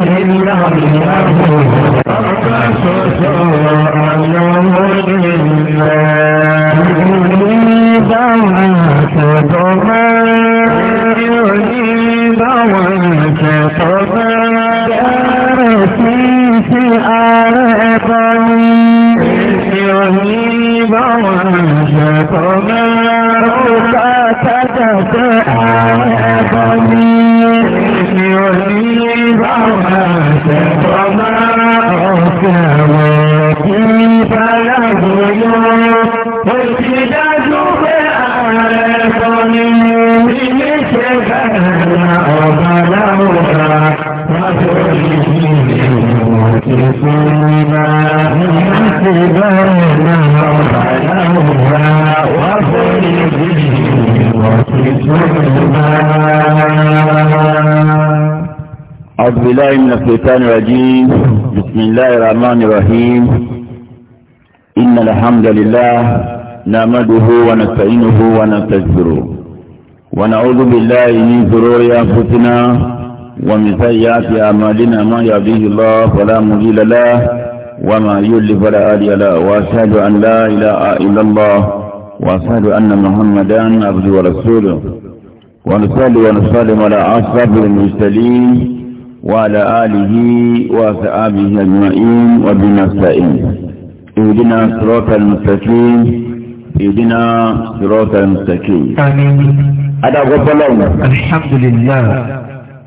Oh, أعوذ بالله من الشيطان الرجيم بسم الله الرحمن الرحيم إن الحمد لله نعمده ونستعينه ونستغفره ونعوذ بالله من شرور أنفسنا ومن سيئات أعمالنا ما يهده الله فلا مضل له وما يولي فلا آلي لا وأشهد أن لا إله إلا الله وأشهد أن محمدا عبده ورسوله ونصلي ونسلم على أشرف المرسلين وعلى آله وصحابه أجمعين السائل اهدنا صراط المستقيم اهدنا صراط المستقيم آمين هذا غفر الحمد لله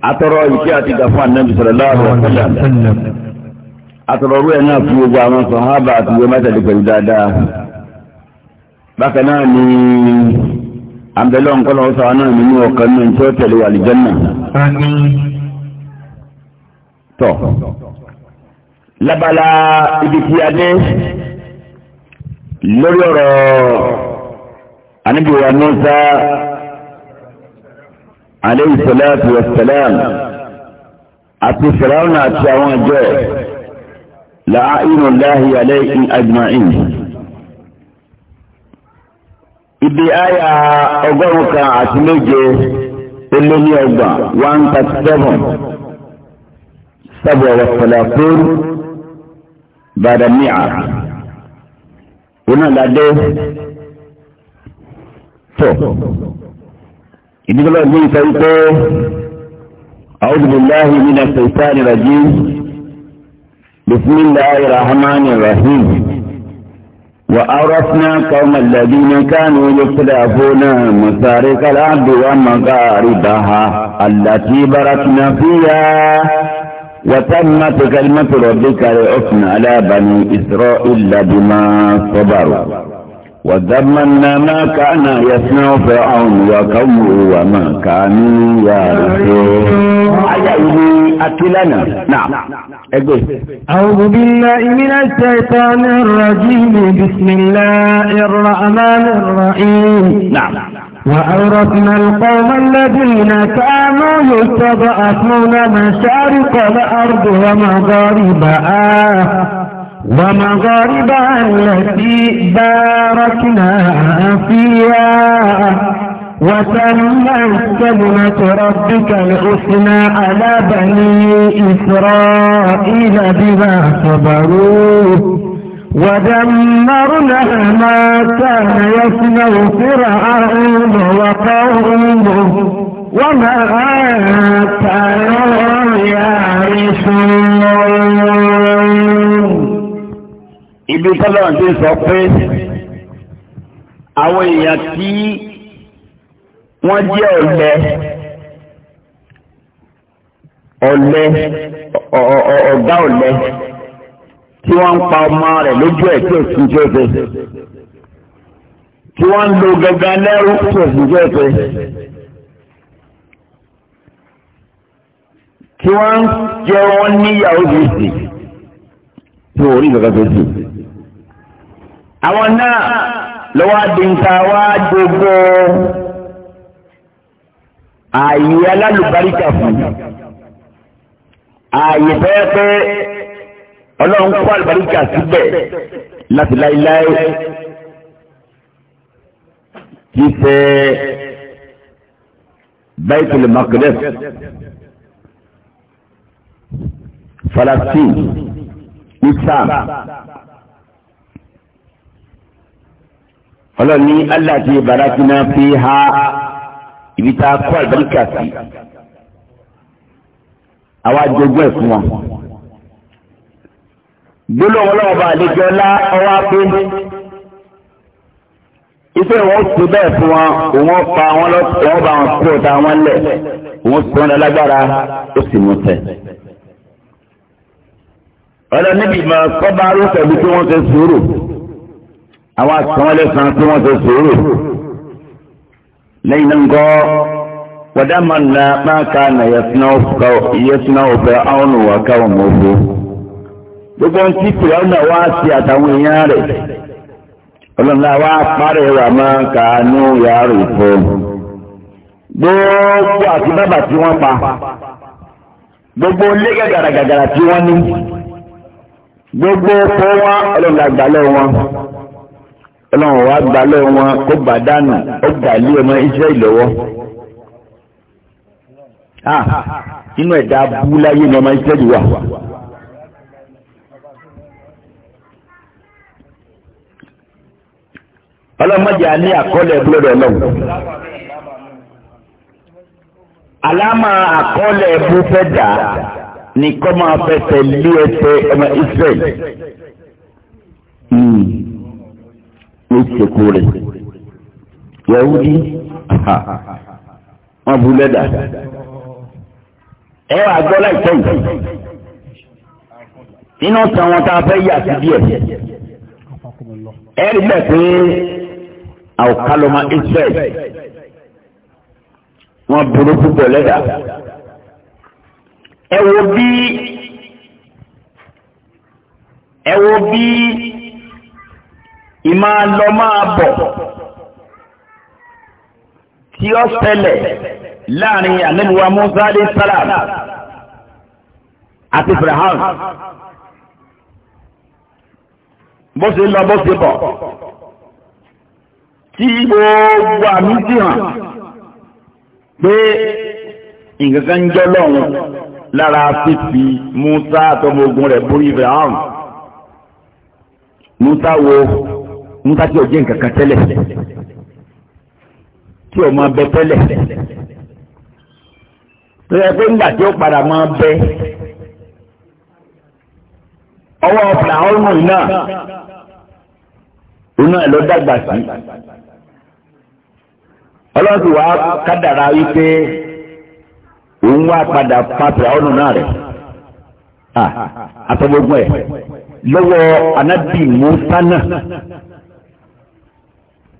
أترى إشاءتك أفوان النبي صلى الله عليه وسلم àtọ̀rọ̀rú ẹ̀ náà fún gbogbo àwọn sọ̀hábà àti ìwé mẹ́tẹ̀lẹ́ pẹ̀lú dáadáa bákan náà ni àbẹ̀lẹ̀ ọ̀nkọ́lọ̀ ọ̀sán náà nínú ọ̀kan náà tí ó tẹ̀lé wà lìjẹ́nà. tọ́ lábala ibi tí a dé lórí ọ̀rọ̀ anábìwà Mùsá alayhi salatu wassalam àti fìlànà àti àwọn ìjọ ẹ̀ la'ainu lahi alaikin ajma'in ibi aya ọgọ́rùn kan àti méje ó lé ní ọgbà one thirty seven sábà wàsálàfún bàdàmíà onílàdé tó ìdílé ọgbẹ́ ìfẹ́ wípé أعوذ بالله من الشيطان الرجيم بسم الله الرحمن الرحيم وأورثنا قوم الذين كانوا يختلفون مسارق الأرض ومغاربها التي باركنا فيها وتمت كلمة ربك لحسن على بني إسرائيل بما صبروا وتمنى ما كان يصنع فرعون وقومه وما كانوا يعرفون أكلنا نعم أقول أعوذ بالله من الشيطان الرجيم بسم الله الرحمن الرحيم نعم وأورثنا القوم الذين كانوا يستضعفون مشارق الأرض ومغاربها ومغاربها التي باركنا فيها وتم كلمة ربك الحسنى على بني إسرائيل بما صبروا ودمرنا ما كان يصنع فرعون وقومه وما كانوا يعرشون ibi tọ́lọ́run ti sọ pé àwọn èèyàn tí wọ́n jẹ́ ọ̀lẹ ọ̀lẹ ọ̀gá ọ̀lẹ tí wọ́n ń pa ọmọ rẹ̀ lójú ẹ̀ tí òsì tí ó fẹ́ tí wọ́n ń lo gangan lẹ́rú tí òsì tí ó fẹ́ tí wọ́n ń jẹ wọ́n níyàwó bìsì tí wọ́n rí gangan bìsì àwọn náà lọ́wọ́ adìǹkà wá gbogbo ààyè alálùbáríkà fún ààyè bẹ́ẹ̀ pé ọlọ́run kó àlùbáríkà síbẹ̀ láti láéláé kì í ṣe Baitul Maqdis Falastin ọlọ́ni aláàtì ìbárakínà fi ha ibi tá a kó àlùbáríkà sí àwa jogún ẹ̀ fún wa. gbólóhùn ọlọ́wọ́ bá àlejò ọlá ọwọ́ apé iṣẹ́ wọn ti bẹ́ẹ̀ fún wọn òun pa wọn lọ wọn bá wọn wọn lẹ̀ òun sọ wọn lágbára ó sì mú tẹ̀. ọlọ́ni bìí kọ́ bá arúgbó pẹ̀lú tí wọ́n ti sùúrù. àwọn àtúnwọ́n lẹ́sàn tí wọ́n ṣe sòrò lẹ́yìn náà ń kọ́ wàdámàlà máa ka nà yẹsùnà ọ̀fẹ́ àwọn òwò akáwọn ọ̀fọ́ gbogbo ń tí pèrè ọ̀nà wá sí àtàwọn èèyàn rẹ̀ ọlọ́nà wá parẹ́ wà máa ka nú yàrá ìfọ́ gbogbo àti bàbà tí pa gbogbo ilé gàgàràgàgàrà tí ní gbogbo ọlọ́nà wọn. ọlọ́run wa gba lọ́wọ́ wọn kó gbà dànù ó gbà lé ọmọ israẹli lọ́wọ́ inú ẹ̀dá abúláyé ni ọmọ israẹli wà. ọlọ́mọdé a ní àkọọ́lẹ̀ búlọ́dọ̀ ọlọ́run àlámà àkọọ́lẹ̀ ẹ̀bú fẹ́ dà ní kọ́ máa fẹsẹ̀ lé ẹsẹ̀ ọmọ israẹli. Hmm ló ti kú rẹ̀ yahudi wọn bu lẹ́dà ẹ wà gbọ́ láìpẹ́ yìí nínú tàn wọn tá a fẹ́ yà sí díẹ̀ ẹ rí bẹ́ẹ̀ pé àwòkálọ́mọ israel wọn burú púpọ̀ lẹ́dà ẹ wo bí ẹ wo bí ìmá lọ máa bọ̀ tí ó ṣẹlẹ̀ láàrin ànẹ́lùwà Musa alayhi salam àti Ibrahim bó ṣe lọ bó ṣe bọ̀ tí gbogbo àmì sí hàn pé nǹkan jọ lọ́run lára fífi Musa àtọmọ ogun rẹ̀ borí Ibrahim Musa wo nígbà tí ọjọ́ nǹkan kan tẹ́lẹ̀ tí ọmọ abẹ tẹ́lẹ̀ tó yẹ pé nígbà tí ó padà máa bẹ ọwọ́ ọ̀pọ̀lá ọ̀rùn náà iná ẹ̀ ló dàgbà sí ọlọ́sìn wàá kádàrá wípé òun wá padà pàtàkì ọ̀nà náà rẹ̀ àtọ́gbọ́gbọ́n ẹ̀ lọ́wọ́ anábì mọ́sánà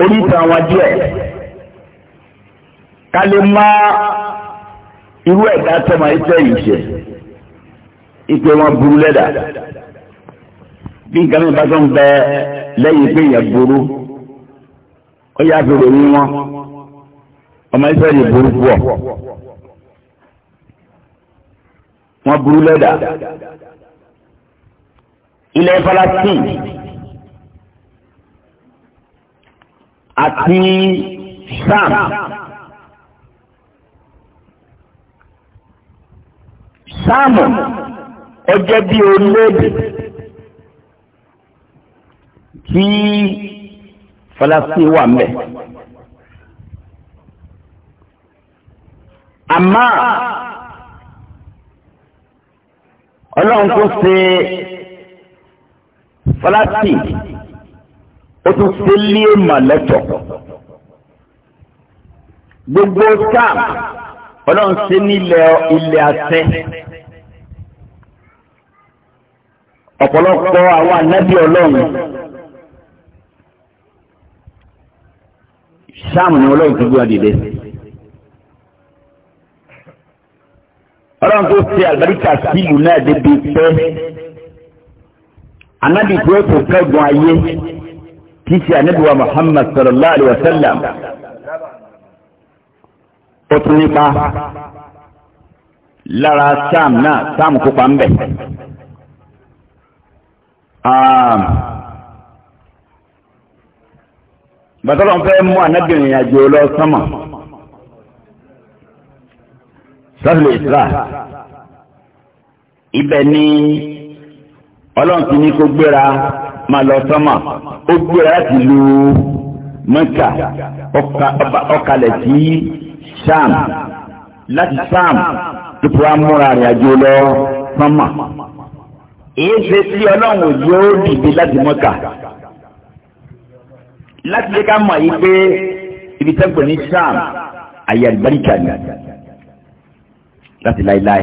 oríta wọn díẹ̀ ká lè má irú ẹ̀dá tọ́mọ iṣẹ́ yìí ṣe ìpè wọn burú lẹ́dà bí nǹkan mi bá tó ń bẹ lẹ́yìn pé èèyàn burú ó yá fi ròyìn wọn ọmọ iṣẹ́ yìí burú pọ̀ wọn burú lẹ́dà ilẹ̀ Palestine. àti sam sáàmù ó jẹ́ bí orílẹ̀-èdè tí Falastin wà mẹ́. àmọ́ ọlọ́run tó ṣe Falastin ó tún ṣe lé màlẹ́tọ̀ gbogbo scam ọlọ́run ṣe nílẹ̀ ilẹ̀ àṣẹ ọ̀pọ̀lọpọ̀ àwọn ànábì ọlọ́run sáàmù ni ọlọ́run ti gbé wọn dìde ọlọ́run tó ṣe àgbàríkà sílùú náà débi pé ànábì tó kò kẹ́gun ayé tí í ṣe ànábìwá Muhammad sallallahu alayhi wa sallam ó tún nípa lára sam náà sam kópa ń bẹ̀. bàtọ́lọ́ fẹ́ mú ànábìrin àjò lọ sánmà sọ́sìlẹ̀ ìsra ibẹ̀ ni ọlọ́run ti ní kó gbéra máa lọ sọ́mà ó gbéra e láti lu mẹ́kà ọkàlẹ̀ sí sam láti sam tuntun wa múra rìn àjò lọ sọ́mà èyí ṣe sí ọlọ́run yóò dìde láti mẹ́kà láti lè ká mọ̀ yìí pé ibi tẹ́gbọ̀n ní sam àyè àlùbáríkà ni láti láéláé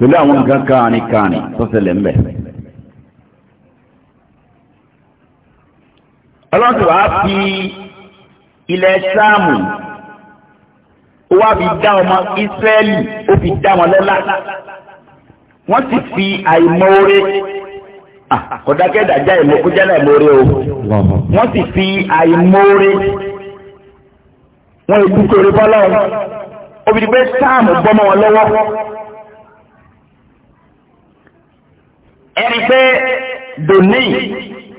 pẹ̀lú àwọn nǹkan kààrin kààrin tó ṣẹlẹ̀ ń bẹ̀. ọlọ́run wàá fi ilẹ̀ sáàmù ó wá fi dá ọmọ ìsírẹ́lì ó fi dá wọn lọ́lá wọ́n sì fi àìmọ́ọ́ré kọ̀dákẹ́dàjà ìmọ̀kújá láìmọ́ọ́ré o wọ́n sì fi àìmọ́ọ́ré wọ́n èkú torí bọ́lá wọn obìnrin pé sáàmù bọ́mọ wọn lọ́wọ́. ẹni pé dòní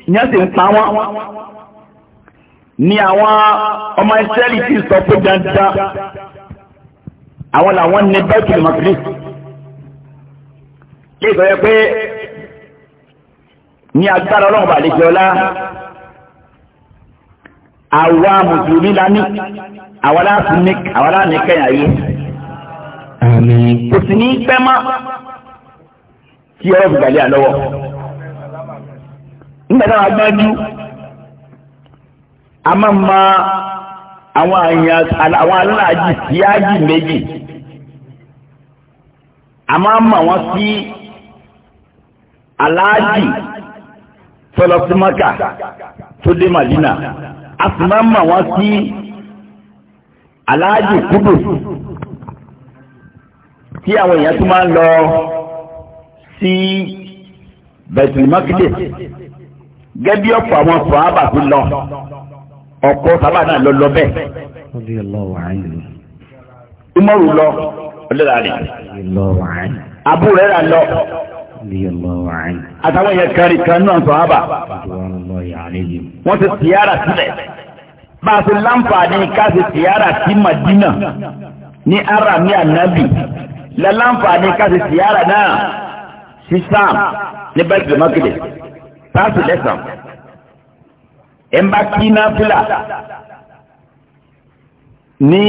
ni wọ́n sì ń pa wọ́n ni àwọn ọmọ ìsírẹ́lì ti sọ pé dandan àwọn làwọn ní bẹ́ẹ̀kì mọ̀kìlì lè sọ yẹ pé ní agbára ọlọ́run bàlejò ọlá àwa mùsùlùmí lání àwa láti ní kẹ́yìn ayé kò sì ní pẹ́ mọ́. tí ọ̀rọ̀ gbàlẹ́ àlọ́wọ́ nígbà agbájú a máa ma àwọn aláàjì sí ájì a máa ma wọn sí aláàjì tọlọsímákà tó dé màdínà a sì máa ma wọn sí aláàjì kúdù tí àwọn èèyàn tó máa ń lọ. sí bẹ̀tùmákìdè gẹ́gẹ́ bí ọ̀pọ̀ àwọn sọ̀hábà tó lọ ọ̀pọ̀ sábà náà lọ lọ bẹ́ẹ̀. umaru lọ ọlọ́dà rẹ̀ abu rẹ̀ rà lọ àtàwọn yẹn kárí kan náà sọ̀hábà wọ́n ti tìyára sílẹ̀ bá a ti láǹfààní ká ti tìyára sí Madina ní arami anabi lẹ́láǹfààní ká ti náà. sí sam ní bẹ́ẹ̀tì mọ́kìlì sáàsì lẹ́sàn ẹ̀ ń bá kí ní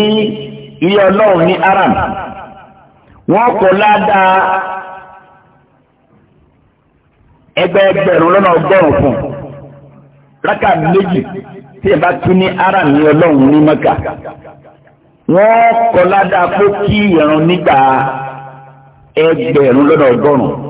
ilé ọlọ́run ní aram wọn kò ládàá ẹgbẹẹgbẹ̀rún lọ́nà ọgọ́rùn fún rákà méjì tí ẹ bá ní aram ní ọlọ́run ní mẹ́kà wọn kò ládàá pé kí nígbà ẹgbẹ̀rún lọ́nà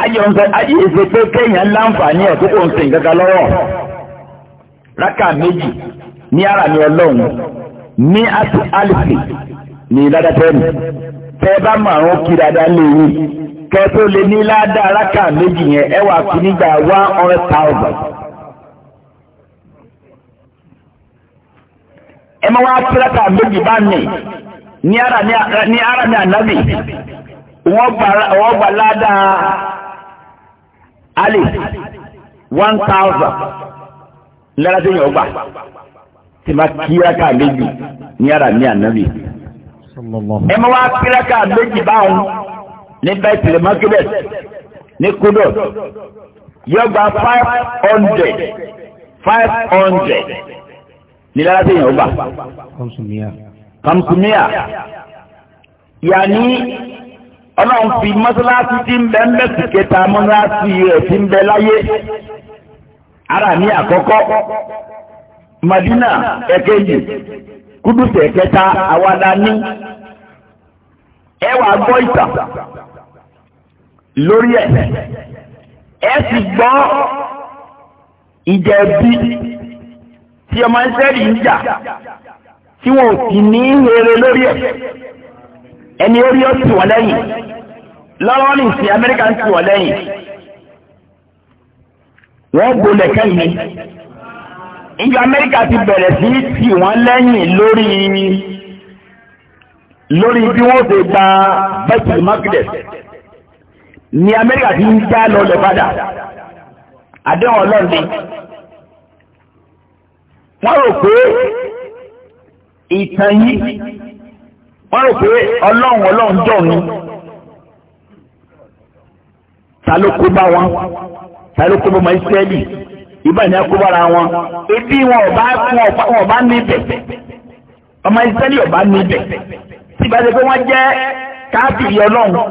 ayọ̀nsẹ̀ ayé ìṣe pé kéèyàn láǹfààní ẹ̀ tó kò kankan lọ́wọ́ raka méjì ní ara mi ní àti àlìsì ní ládàtẹ́nu tẹ́ bá mọ kí dáadáa lè yí kẹ́ tó lè ní ládàá raka méjì yẹn ẹ wà kí nígbà one hundred thousand. ẹ máa wá méjì bá mi ní ara mi ànábì ládàá. Ali, one thousand lára tó yàn ọgbà tí ma kíráka méjì ní ara ní ànábì ẹ ma wá kíráka méjì báwọn ní bẹ́tìlẹ̀ mákébẹ̀ ní kúdọ̀ yóò gba five hundred five hundred ní lára tó yàn ọgbà. kamsumiya. kamsumiya. yàní ọlọ́run fi mọ́sálásí tí ń bẹ mẹ́sì kẹta mọ́sálásí rẹ̀ tí ń bẹ láyé ara ní àkọ́kọ́ Madina ẹ̀kejì Kúdùsì ẹ̀kẹta awada ní ẹwà gbọ́ ìtàn lórí ẹ̀ ẹ sì gbọ́ ìjẹ̀bi tí ọmọ ìṣẹ́rì ń jà tí wọn ò sì ní í lórí ẹ̀ ẹni orí ó tì wọ́n lẹ́yìn lọ́wọ́ ní ìsìn amẹ́ríkà ń tì wọ́n lẹ́yìn wọ́n gbolẹ̀ kẹ́yìn ìjọ amẹ́ríkà ti bẹ̀rẹ̀ sí tì wọ́n lẹ́yìn lórí lórí bí wọ́n ṣe gba bẹ́tì mákìlẹ̀ ni amẹ́ríkà ti ń já lọlẹ̀ padà àdéhùn ọlọ́ọ̀ni wọ́n rò pé ìtàn yìí wọ́n rò pé ọlọ́run ọlọ́run jọ̀ ni ta ló kó bá wọn ta ló kó bá ọmọ ìsírẹ́lì ìbá ní akó bára wọn ebi wọn ọba wọn ọba níbẹ̀ ọmọ ìsírẹ́lì ọba níbẹ̀ tí ìbá ṣe pé wọ́n jẹ́ káàkiri ọlọ́run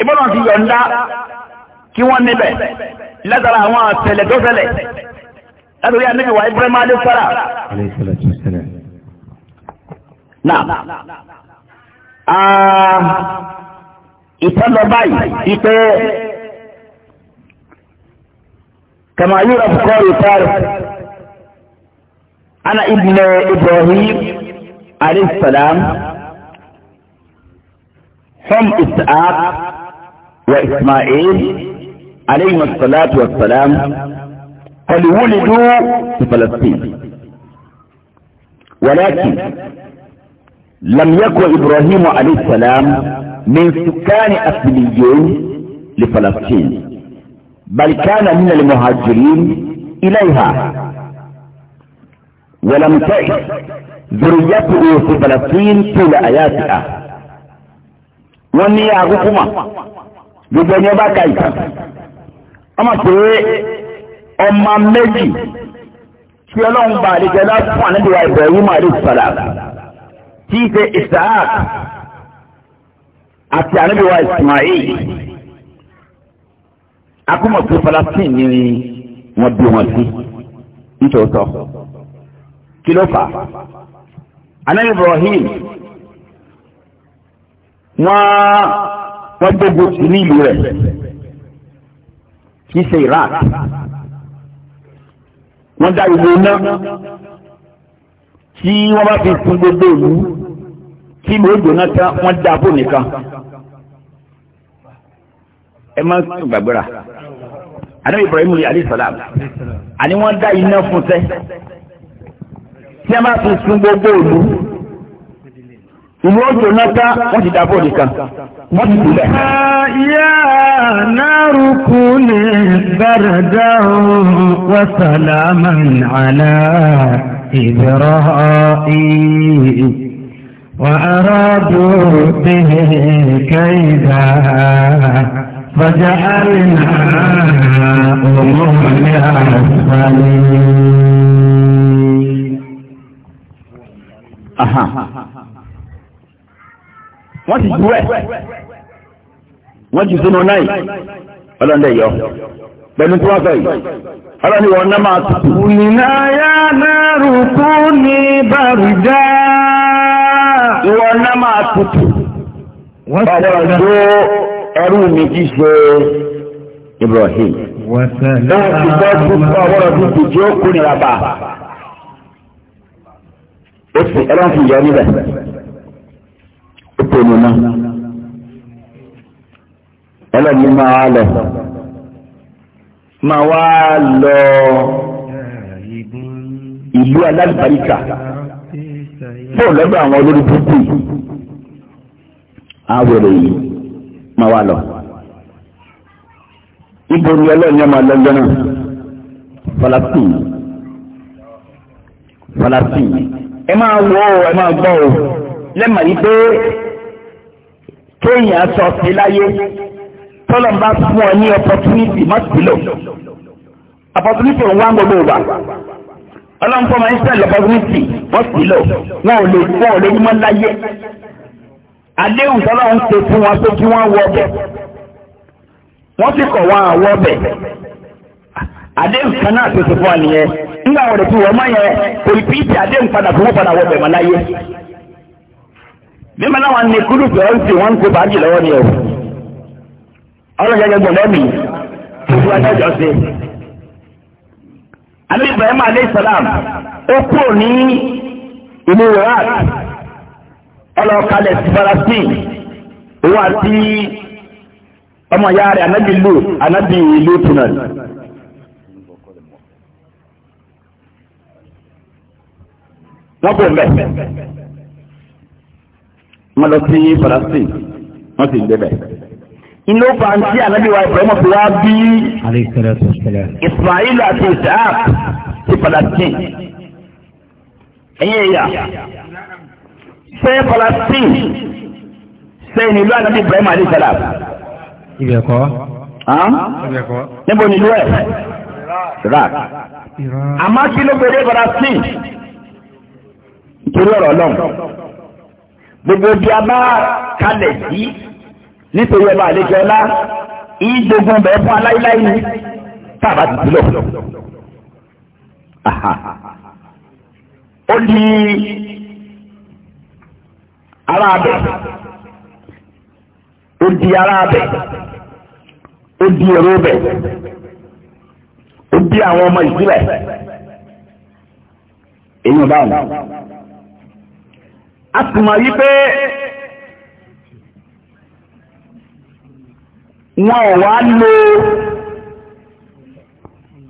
ìbọ̀lọ́run ti yọ̀ǹda kí wọ́n níbẹ̀ látara àwọn àtẹ̀lẹ̀ tó ṣẹlẹ̀ látòrí àníbi wà ibrahima adé sára. Náà, ìtọ́lọ báyìí ti pé kàmá yóò rọ̀ fún ọ̀rọ̀ ìtọ́rọ̀. Ana ibn Ibrahim alayhi salam هم إسحاق وإسماعيل عليهما الصلاة والسلام قد ولدوا في فلسطين ولكن لم يكن إبراهيم عليه السلام من سكان أصليين لفلسطين بل كان من المهاجرين إليها ولم تعش ذريته في فلسطين طول آياتها وني أغفما gbogbo ẹni ọba ka ìta ọmọ pé ọmọ méjì tí ọlọ́run bá àdìjẹ́ láti fún tí í ṣe Isaac àti ànábìwá Ismail akúmọ̀ pé Palestine ni wọ́n bí wọn sí nítòótọ́ kí ló fà á ànábì Ibrahim wọ́n wọ́n gbogbo sí ní ìlú rẹ̀ kì í ṣe Iraq wọ́n dá ìlú náà tí wọ́n bá fi sun gbogbo ìlú tí mo gbóná tán wọ́n dá bò nìkan ẹ má gbàgbéra àná Ibrahim alayhi salam àní wọ́n dá iná fún sẹ́ tí a bá fi sun gbogbo òlu ìlú ọjọ́ náà tá wọ́n ti dábò nìkan wọ́n ti sílẹ̀. yá nárùkú lè bàrẹ̀dá wa salaman ala Ibrahim. وأرادوا به كيدا فجعلنا أمور الأسفلين أها wọ́n ti gbú ẹ̀ wọ́n ti sínú náà ọlọ́ndẹ̀ yọ pẹ̀lú tí wọ́n sọ yìí ọlọ́ni wọn náà máa tutù. kùnìyàn náà rùkú ní bàrùjá ìwọ ọ̀nà máa tutù ọ̀rọ̀ ìjó ẹrú mi kì í ṣe Ibrahim. Náà ti gbọ́ tutù ọ̀rọ̀ tutù tí ó kú nira bá. Ó sì ẹran fi yọ níbẹ̀. Ó pè mí náà. Ẹlẹ́ni máa lọ. Máa wá lọ ìlú alábàríkà. tó lọ́dọ̀ àwọn olórí púpù àwòrán yìí máa wà lọ. ìborí ọlọ́run yẹn máa lọ́jọ́ náà falasin falasin ẹ máa wọ ẹ máa gbọ́ yìí pé kéèyàn sọ sí láyé fún ọ ọlọ́run fọmọ israẹl lọ́pọ̀gbìntì wọ́n sì lò wọn ò lè wọn ò lè yí wọn láyé fúnwa tọ́lọ́run ṣe fún wọn pé kí wọ́n wọ ọbẹ̀ wọ́n sì kọ̀ wọn àwọ̀ ọbẹ̀ àdéhùn kan náà tó ṣe fún wa nìyẹn nígbà wọn wọ́n yẹn kò àdéhùn padà fún wọn padà wọ ọbẹ̀ wọn ní kúrú pé ọ́n wọ́n alẹ́ ibrahim aleyhisselam ó kúrò ní ìlú iraq ọlọ́kalẹ̀ sí palestine òun àti ọmọ ìyá rẹ̀ anábì lù anábì ìlú tunan. wọ́n kò mbẹ́ wọ́n lọ sí palestine wọ́n sì ń débẹ̀ inú fàǹtí ànábìwá ìbọ̀mọ̀ fi wá bí Ismail àti Isaac ti Palestine ẹ̀yìn ẹ̀yà ṣé Palestine ṣé ìlú ànábì Ibrahim àti Isaac. ibẹ̀ kọ́. níbo ni ìlú ẹ̀ Iraq. àmọ́ kí ló gbé dé Palestine nítorí ọ̀rọ̀ ọlọ́run gbogbo bí a bá kalẹ̀ sí nítorí ọba àlejò ọlá ìdógún bẹ̀ fún aláìláì ní tàbá ti sílọ̀. ó di ara abẹ ó di ara abẹ ó di èrò bẹ ó di àwọn ọmọ ìsílẹ̀ èyí ò bá wọn. a sì mọ̀ yí pé. wọn ò wá lo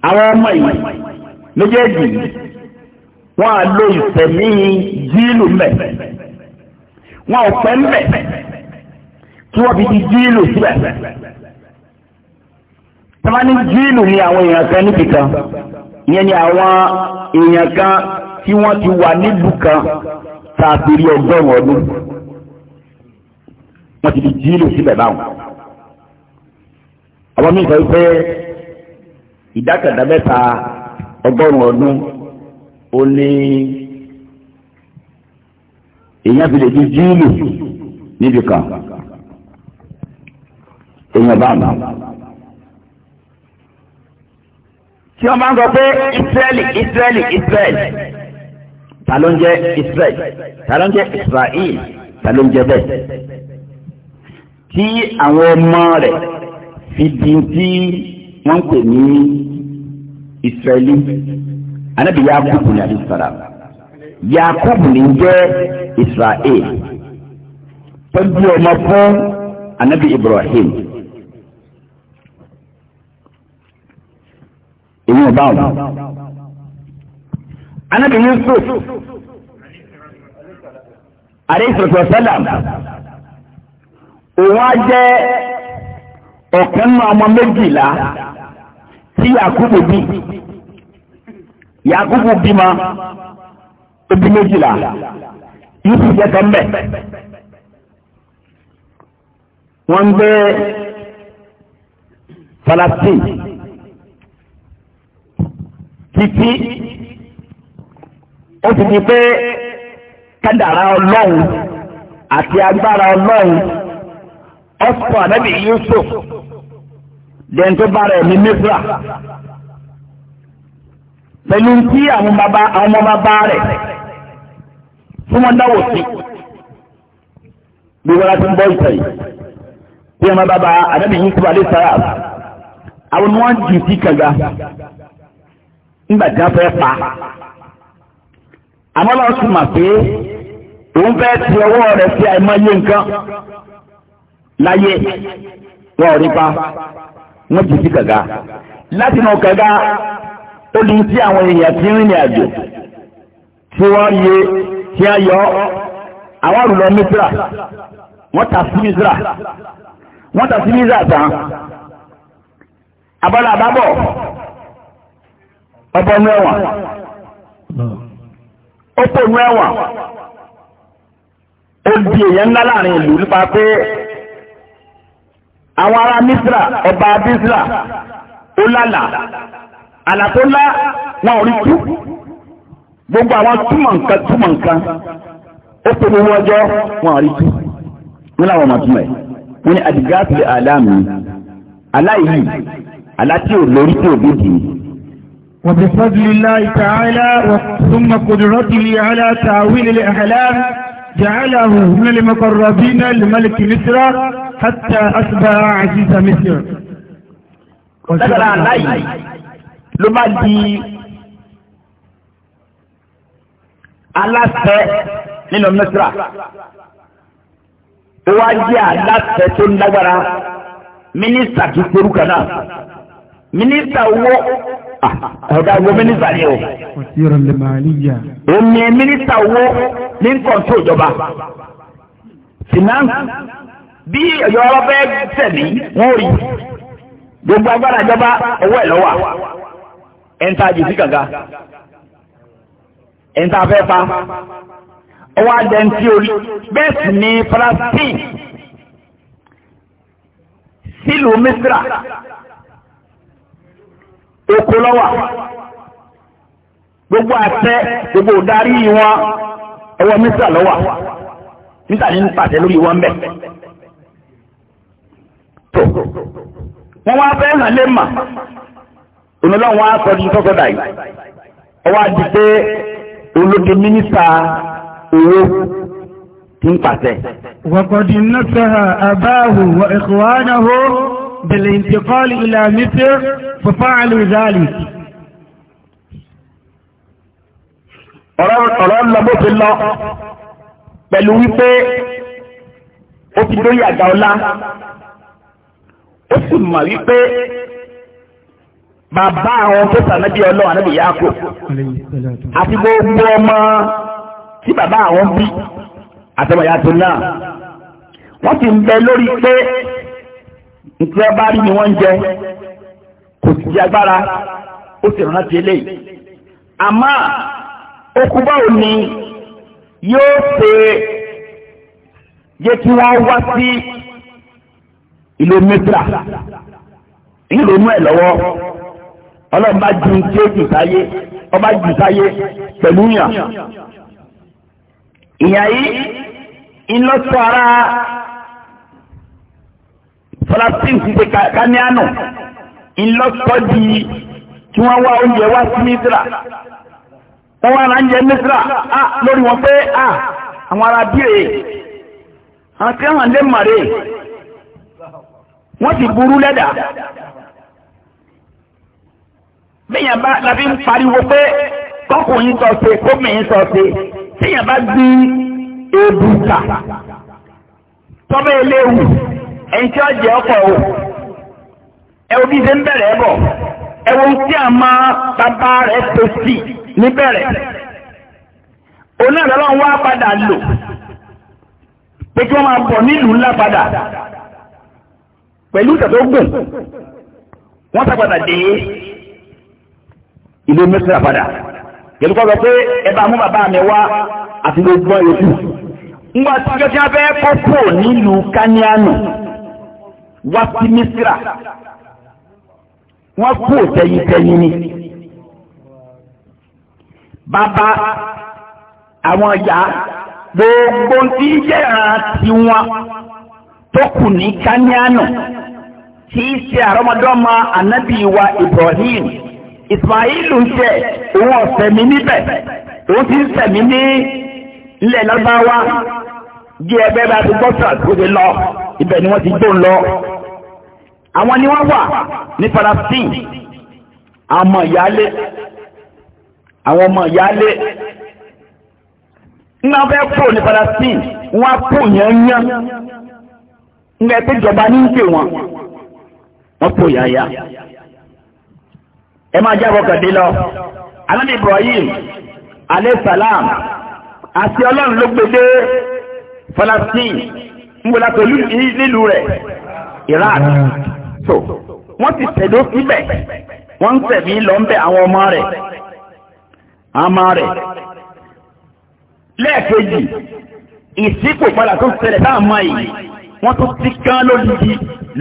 àwọn ọmọ yìí méjèèjì wọn à lo ìsẹ̀mí jíìlù mẹ́ wọn ò pẹ́ mẹ́ tí wọ́n fi di jíìlù síbẹ̀ tọ́lá ní ni àwọn èèyàn kan níbi ni àwọn èèyàn kan tí wọ́n ti wà nílùú kan tàbí ọgọ́rùn-ún ọdún wọ́n ti di si síbẹ̀ báwọn. àwọn míì sọ wípé ìdákàdá mẹ́ta ọgọ́rùn-ún ọdún ó ní èèyàn fi lè di jíìlù níbi kan èèyàn bá àmà. tí wọ́n máa ń sọ pé Ísírẹ́lì Ísírẹ́lì Ísírẹ́lì ta ló ń jẹ́ Ísírẹ́lì ta ló ń jẹ́ Ísírẹ́lì ta ló ń jẹ́ bẹ́ẹ̀ tí àwọn ọmọ rẹ̀ fìdí tí wọ́n pè ní Israeli anabi Yakubu ní abisara Yakubu ní jẹ́ Israel pẹ̀lú ọmọ fún anabi Ibrahim èyí ò bá wọn anabi Yusuf aleyhi salatu wa salam òun á jẹ́ ọ̀kan nínú ọmọ méjìlá tí Yakubu bí Yakubu bímọ obi méjìlá Yusuf jẹ́ tẹ́ḿbẹ̀ wọ́n ń gbé Palestine títí ó ti di pé kádàrá ọlọ́run àti agbára ọlọ́run ọ̀sùn ànábì Yusuf. dẹ́n tó bá rẹ̀ ní mẹ́fúrà pẹ̀lú tí àwọn ọmọ bá ọmọ rẹ̀ tí wọ́n dáwò sí bí wọ́n ti ń bọ́ ìtàn yìí ọmọ bá àdàbí yìí kúrò àdéhùn àwọn wọ́n jù sí nígbà tí wọ́n fẹ́ pa àmọ́ lọ́wọ́ sì mà pé òun fẹ́ ti ọwọ́ rẹ̀ sí àìmọye nǹkan láyé rí pa. wọ́n jù sí kàga láti mọ kàga ó lè sí àwọn èèyàn tí ń rìnrìn àjò tí wọ́n yẹ tí a yọ àwọn àrùlọ mísírà wọ́n tà sí mísírà wọ́n tà sí mísírà tán abala àbábọ̀ ọbọ̀ nú ẹ̀wọ̀n ó pò nú ẹ̀wọ̀n ó di èèyàn ńlá láàrin ìlú nípa pé àwọn ará misra ọba abisra ó lálà àlàtólá wọn ò rí tú gbogbo àwọn túmọ̀ nǹkan túmọ̀ nǹkan ó pè gbogbo ọjọ́ wọn ò rí tú wọn làwọn ọmọ túmọ̀ ẹ̀ wọn ni àdìgáàsì àlámì aláìyí aláti ò lórí tí ò bíbí. وبفضل الله تعالى ثم قدرته على تأويل الأحلام جعله من المقربين لملك مصر حتى أصبح عزيز مصر lọ́dọ̀lá aláì ló bá di aláṣẹ nínú mẹ́sìrà ó wá jẹ́ aláṣẹ tó lágbára mínísítà tó forúkà náà mínísítà owó ọ̀gágun mínísítà ni o. èmi mínísítà owó ní kọ̀ǹtò ìjọba finance bí ọ̀yọ́ ọlọ́fẹ́ tẹ̀lé wọ́n rí gbogbo agbára ìjọba ọwọ́ ẹ̀ lọ́wọ́ ẹ̀ńtà jìbí kànga ẹ̀ńtà fẹ́ pa ọwọ́ àjẹntì orí bẹ́ẹ̀ sì ni Palestine sílùú Misra. oko lọ́wà gbogbo àtẹ gbogbo darí wọn ẹwọ mísà lọ́wà mísà ní pàtẹ lórí wọn bẹ tó wá fẹ́ hàn lé mà onílọ́wọ́n wọn á sọ ní tọ́sọ̀dà yìí ọwọ́ àti pé olóde mínísà owó ti ń pàtẹ. wọ́pọ̀ بالانتقال إلى مصر ففعلوا ذلك ọ̀rọ̀ lọ bó ti lọ pẹ̀lú wípé ó ti dórí àga ọlá ó sì mọ̀ wípé bàbá àwọn tó sànábí ọlọ́run ànábì yáàkó àti gbogbo ọmọ tí bàbá àwọn bí àtọmọ̀ náà wọ́n ti ń bẹ lórí pé nítí ẹ ni wọ́n ń jẹ kò sì di agbára ó sì rántí eléyìí àmọ́ okú báwo ni yóò ṣe yẹ kí wọ́n wá sí ìlú mẹ́tìrà ìrònú ẹ̀ lọ́wọ́ ọlọ́run bá ju tí ó jù sáyé ọba jù sáyé pẹ̀lú yàn ìyá yìí ń sọ ara palestine ti ṣe kanianu ńlọsọdì tí wọ́n wá oúnjẹ wa sí misra wọ́n wá ra oúnjẹ misra á ah, lórí wọn pé á ah, àwọn ará bíre àwọn tí wọ́n lè mọ̀rẹ́ wọ́n ti burú lẹ́dà bẹ́yàn bá lafi ń pariwo pé kọkùnrin sọ pé kómìnrin sọ pé tíyàn bá gbin èbùkà tọ́bẹ̀ ẹni tí dị o ẹ bí ṣe ń bẹ̀rẹ̀ a máa bàbá rẹ tó sí níbẹ̀rẹ̀ òun náà wá padà lò pé kí wọ́n máa bọ̀ nílùú ńlá padà pẹ̀lú ìtàtó gùn wọ́n sá padà dé ìlú mẹ́sìlá padà pẹ̀lú kọ́ sọ pé ẹ bá mú bàbá mi wá àti wá sí mísírà wọ́n kú tẹ̀yìntẹ̀yìn ni bàbá àwọn ìyá gbogbo tí yẹ̀ra tiwọn tó kù ní káníánù tí í ṣe àrọ́mọdọ́mọ ànábì wa Ibrahim Ismailu ń ṣe òun ọ̀sẹ̀mí níbẹ̀ òun ti ń sẹ̀mí ní ilẹ̀ lọ́gbàá wa bí ẹgbẹ́ bá ti gbọ́sọ̀ àti òde lọ. ibẹ̀ ni wọ́n ti gbó lọ àwọn ni wọ́n wà ní Palestine àwọn ọmọ ìyáálé àwọn ọmọ ìyáálé nínú abẹ́ kúrò ní Palestine wọ́n á kú nígbà jọba ní ìpè wọn wọ́n kú yáyá ẹ máa jábọ̀ kàdé lọ alábi Ibrahim alayhi salam àti ọlọ́run ló gbé nbola pẹ̀lú nílùú rẹ̀ Iraq so wọ́n ti tẹ̀dó síbẹ̀ wọ́n ń tẹ̀mí lọ́nbẹ̀ àwọn ọmọ rẹ̀ àmà rẹ̀ lẹ́ẹ̀kejì ìsìnkú padà tó ṣẹlẹ̀ sáàmà yìí wọ́n tó ti kán lódìdí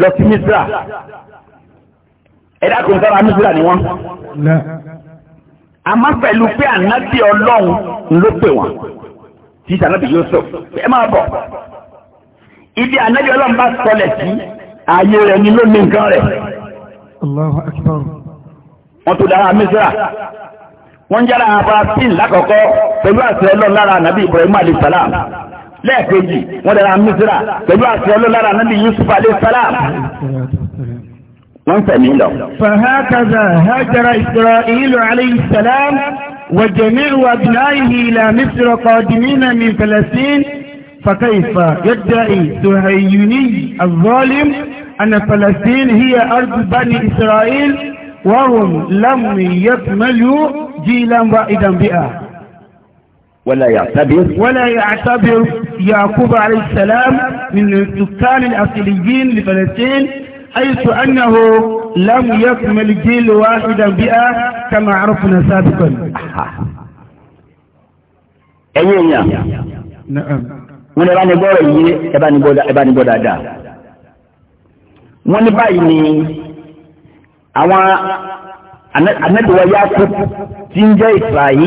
lọ sí Misra ẹ̀dá kò ń sára Misra ni wọ́n àmọ́ pẹ̀lú pé ànábì ọlọ́run ló pè wọ́n tí sànábì Yusuf ẹ máa bọ̀ ibi ànábì ọlọ́run bá sọlẹ̀ sí ààyè rẹ̀ ni ló ní nǹkan rẹ̀. Allahu Akbar. wọ́n tó dára mísírà wọ́n ń jára abrahamin lákọ̀ọ́kọ́ pẹ̀lú àṣẹ ọlọ́run lára ànábì ibrahim alayhi salam lẹ́ẹ̀kejì wọ́n dára mísírà pẹ̀lú àṣẹ ọlọ́run lára ànábì yusuf alayhi salam wọ́n tẹ̀mí lọ. fàhákàzà hajara isra'ilu alayhi salam wa jami'u abnaihi ila misr فكيف يدعي سهيوني الظالم أن فلسطين هي أرض بني إسرائيل وهم لم يكملوا جيلا واحدا بها ولا يعتبر ولا يعتبر يعقوب عليه السلام من السكان الأصليين لفلسطين حيث أنه لم يكمل جيل واحدا بها كما عرفنا سابقا أيوة نعم wọ́n ní ẹbánigbọ́ rẹ̀ yé ẹbánigbọ́ dáadáa wọ́n ní báyìí ni àwọn anẹ́dùwọ̀ Yakub tí ń jẹ́ Israel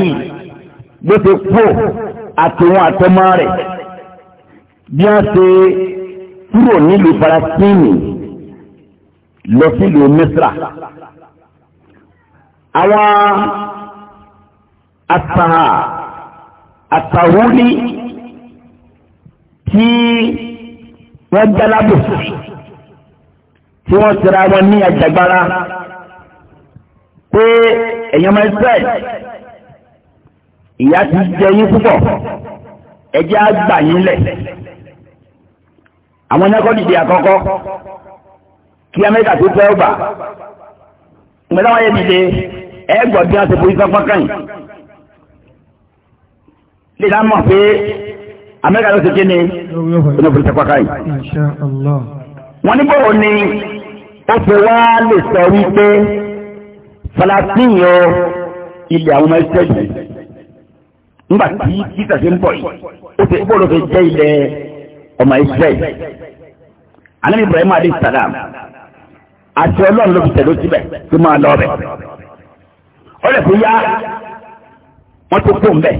bó ti kú àtòwọn àtọmọ rẹ̀ bí wọ́n ṣe kúrò nílùú Palestine lọ sílùú Misra àwọn asaha tí wọ́n jálábò tí wọ́n sira wọn ní àjàgbára pé ẹ̀yàn máa ń sẹ́ẹ̀ ìyá ti jẹ yín púpọ̀ ẹjẹ́ á gbà yín lẹ̀ àwọn ẹ̀kọ́ dìde àkọ́kọ́ kí amẹ́ríkà tó tẹ́ ọba pẹ̀lú àwọn ẹ̀dìde ẹ̀gbọ́n bí wọ́n ti forí sọ́kọ́ kàn yìí lè dá mọ̀ pé amẹ́ríkà ló ti kí ni olóògùn tẹ́pá káyì. wọ́n ní bọ́ọ̀ ni ó fi wá lè sọ wípé Falasíìnì o ilẹ̀ àwọn ọmọ ẹsẹ̀ yìí nígbà tí títà ṣe ń bọ̀ yìí ó ti bọ́ọ̀ ló fi jẹ́ ilẹ̀ ọmọ ẹsẹ̀ yìí. alẹ́ Ibrahim adé sàlám àti ọlọ́run ló fi tẹ̀lé síbẹ̀ tó máa lọ bẹ̀. ọ̀rẹ́ fi yá wọ́n ti kó ń bẹ̀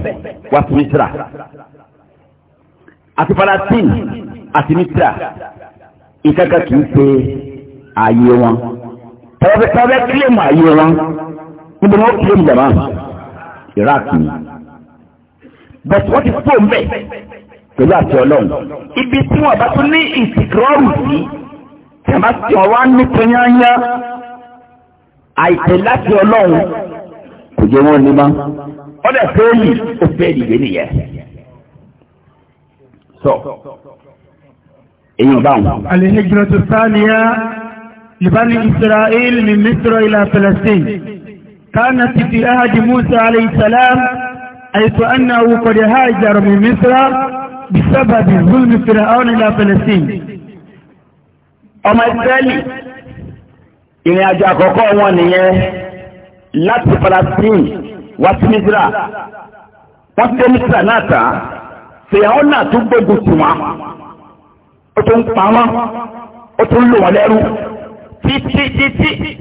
wá fún Israel àti Palestine àti Misra ìkẹ́kẹ́ kìí ṣe ààyè wọn tọ́wọ́fẹ́ kílèmù ààyè wọn níbi wọn kílèmù jàmá Iraq ni bẹ́ẹ̀ wọ́n ti fò ń bẹ̀ pẹ̀lú àti ọlọ́run ibi tí wọ́n bá tún ní ìsìkírọ́rù sí tí wọ́n bá tí wọ́n wá ní tẹ́yányá àìtẹ̀ láti ọlọ́run kò jẹ́ wọ́n ní mọ́ ọ̀dẹ̀ fẹ́ẹ́lì ó fẹ́ẹ́ dìgbé nìyẹn tọ̀ èyàn bá wọn. alihijiratu sáníyá libani israel ni misra ila palestine كانت في عهد موسى عليه السلام حيث أنه قد هاجر من مصر بسبب ظلم فرعون إلى فلسطين ọmọ ìsírẹ́lì ìrìn àjò àkọ́kọ́ wọn nìyẹn láti Palestine wá sí Misra wọ́n ti dé Misra náà tán fìyàwó náà tún gbógun tì wọn ó tún pa wọn ó tún lò wọn lẹ́rú títítítí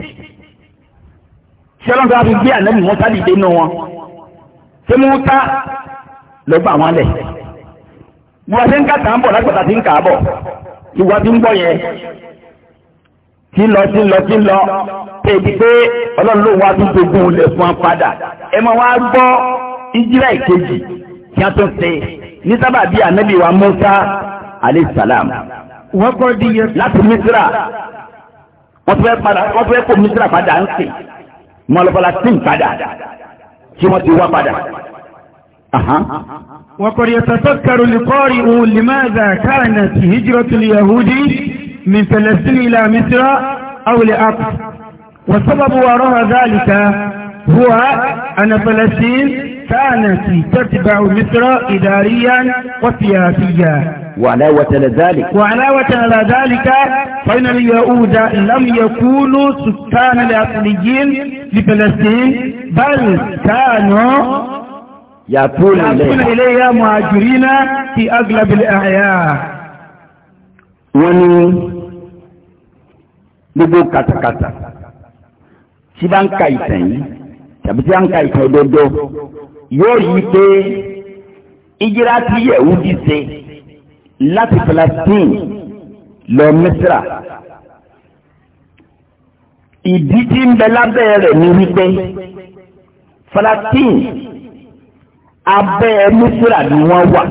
sẹ́lọ́n tó a fi gbé ànábì mọ́tà dìde nù wọn ṣé mọ́tà ló gbà wọn lẹ̀ bí wọ́n ṣe ń kàtà ń bọ̀ lágbàtà ti ń kà á bọ̀ ìwà ti ń bọ̀ yẹn tí ń lọ tí ń lọ tí ń lọ tẹ̀bi pé ọlọ́run ló wá tún gbogbo ilẹ̀ fún wa padà ẹ máa wá gbọ́ ìjírà ìkejì kí a tó ṣe ní sábàbí ànábì wa Musa alayhi salam wọ́n kọ́ di yẹn láti Misra wọ́n fẹ́ padà wọ́n fẹ́ kó Misra padà ń sè mọ́lọ́fọ́lá sí ń padà tí wọ́n ti wá padà. وقد يتفكر القارئ لماذا كانت هجرة اليهود من فلسطين إلى مصر أو لأقصى وسبب وراء ذلك هو أن فلسطين كانت تتبع مصر إداريا وسياسيا وعلاوة على ذلك وعلاوة على ذلك فإن اليهود لم يكونوا سكان الأصليين لفلسطين بل كانوا يأتون إليها, مهاجرين في أغلب الأحياء وني gbogbo katakata tí bá ń ka كايتين tàbí tí bá ń ka yóò yí pé ìjírá tí yẹ̀wúdí ṣe láti Palestine lọ Misra ìdí tí ń bẹ lábẹ́ rẹ̀ ni wípé Palestine abẹ́ Misra ni wọ́n wà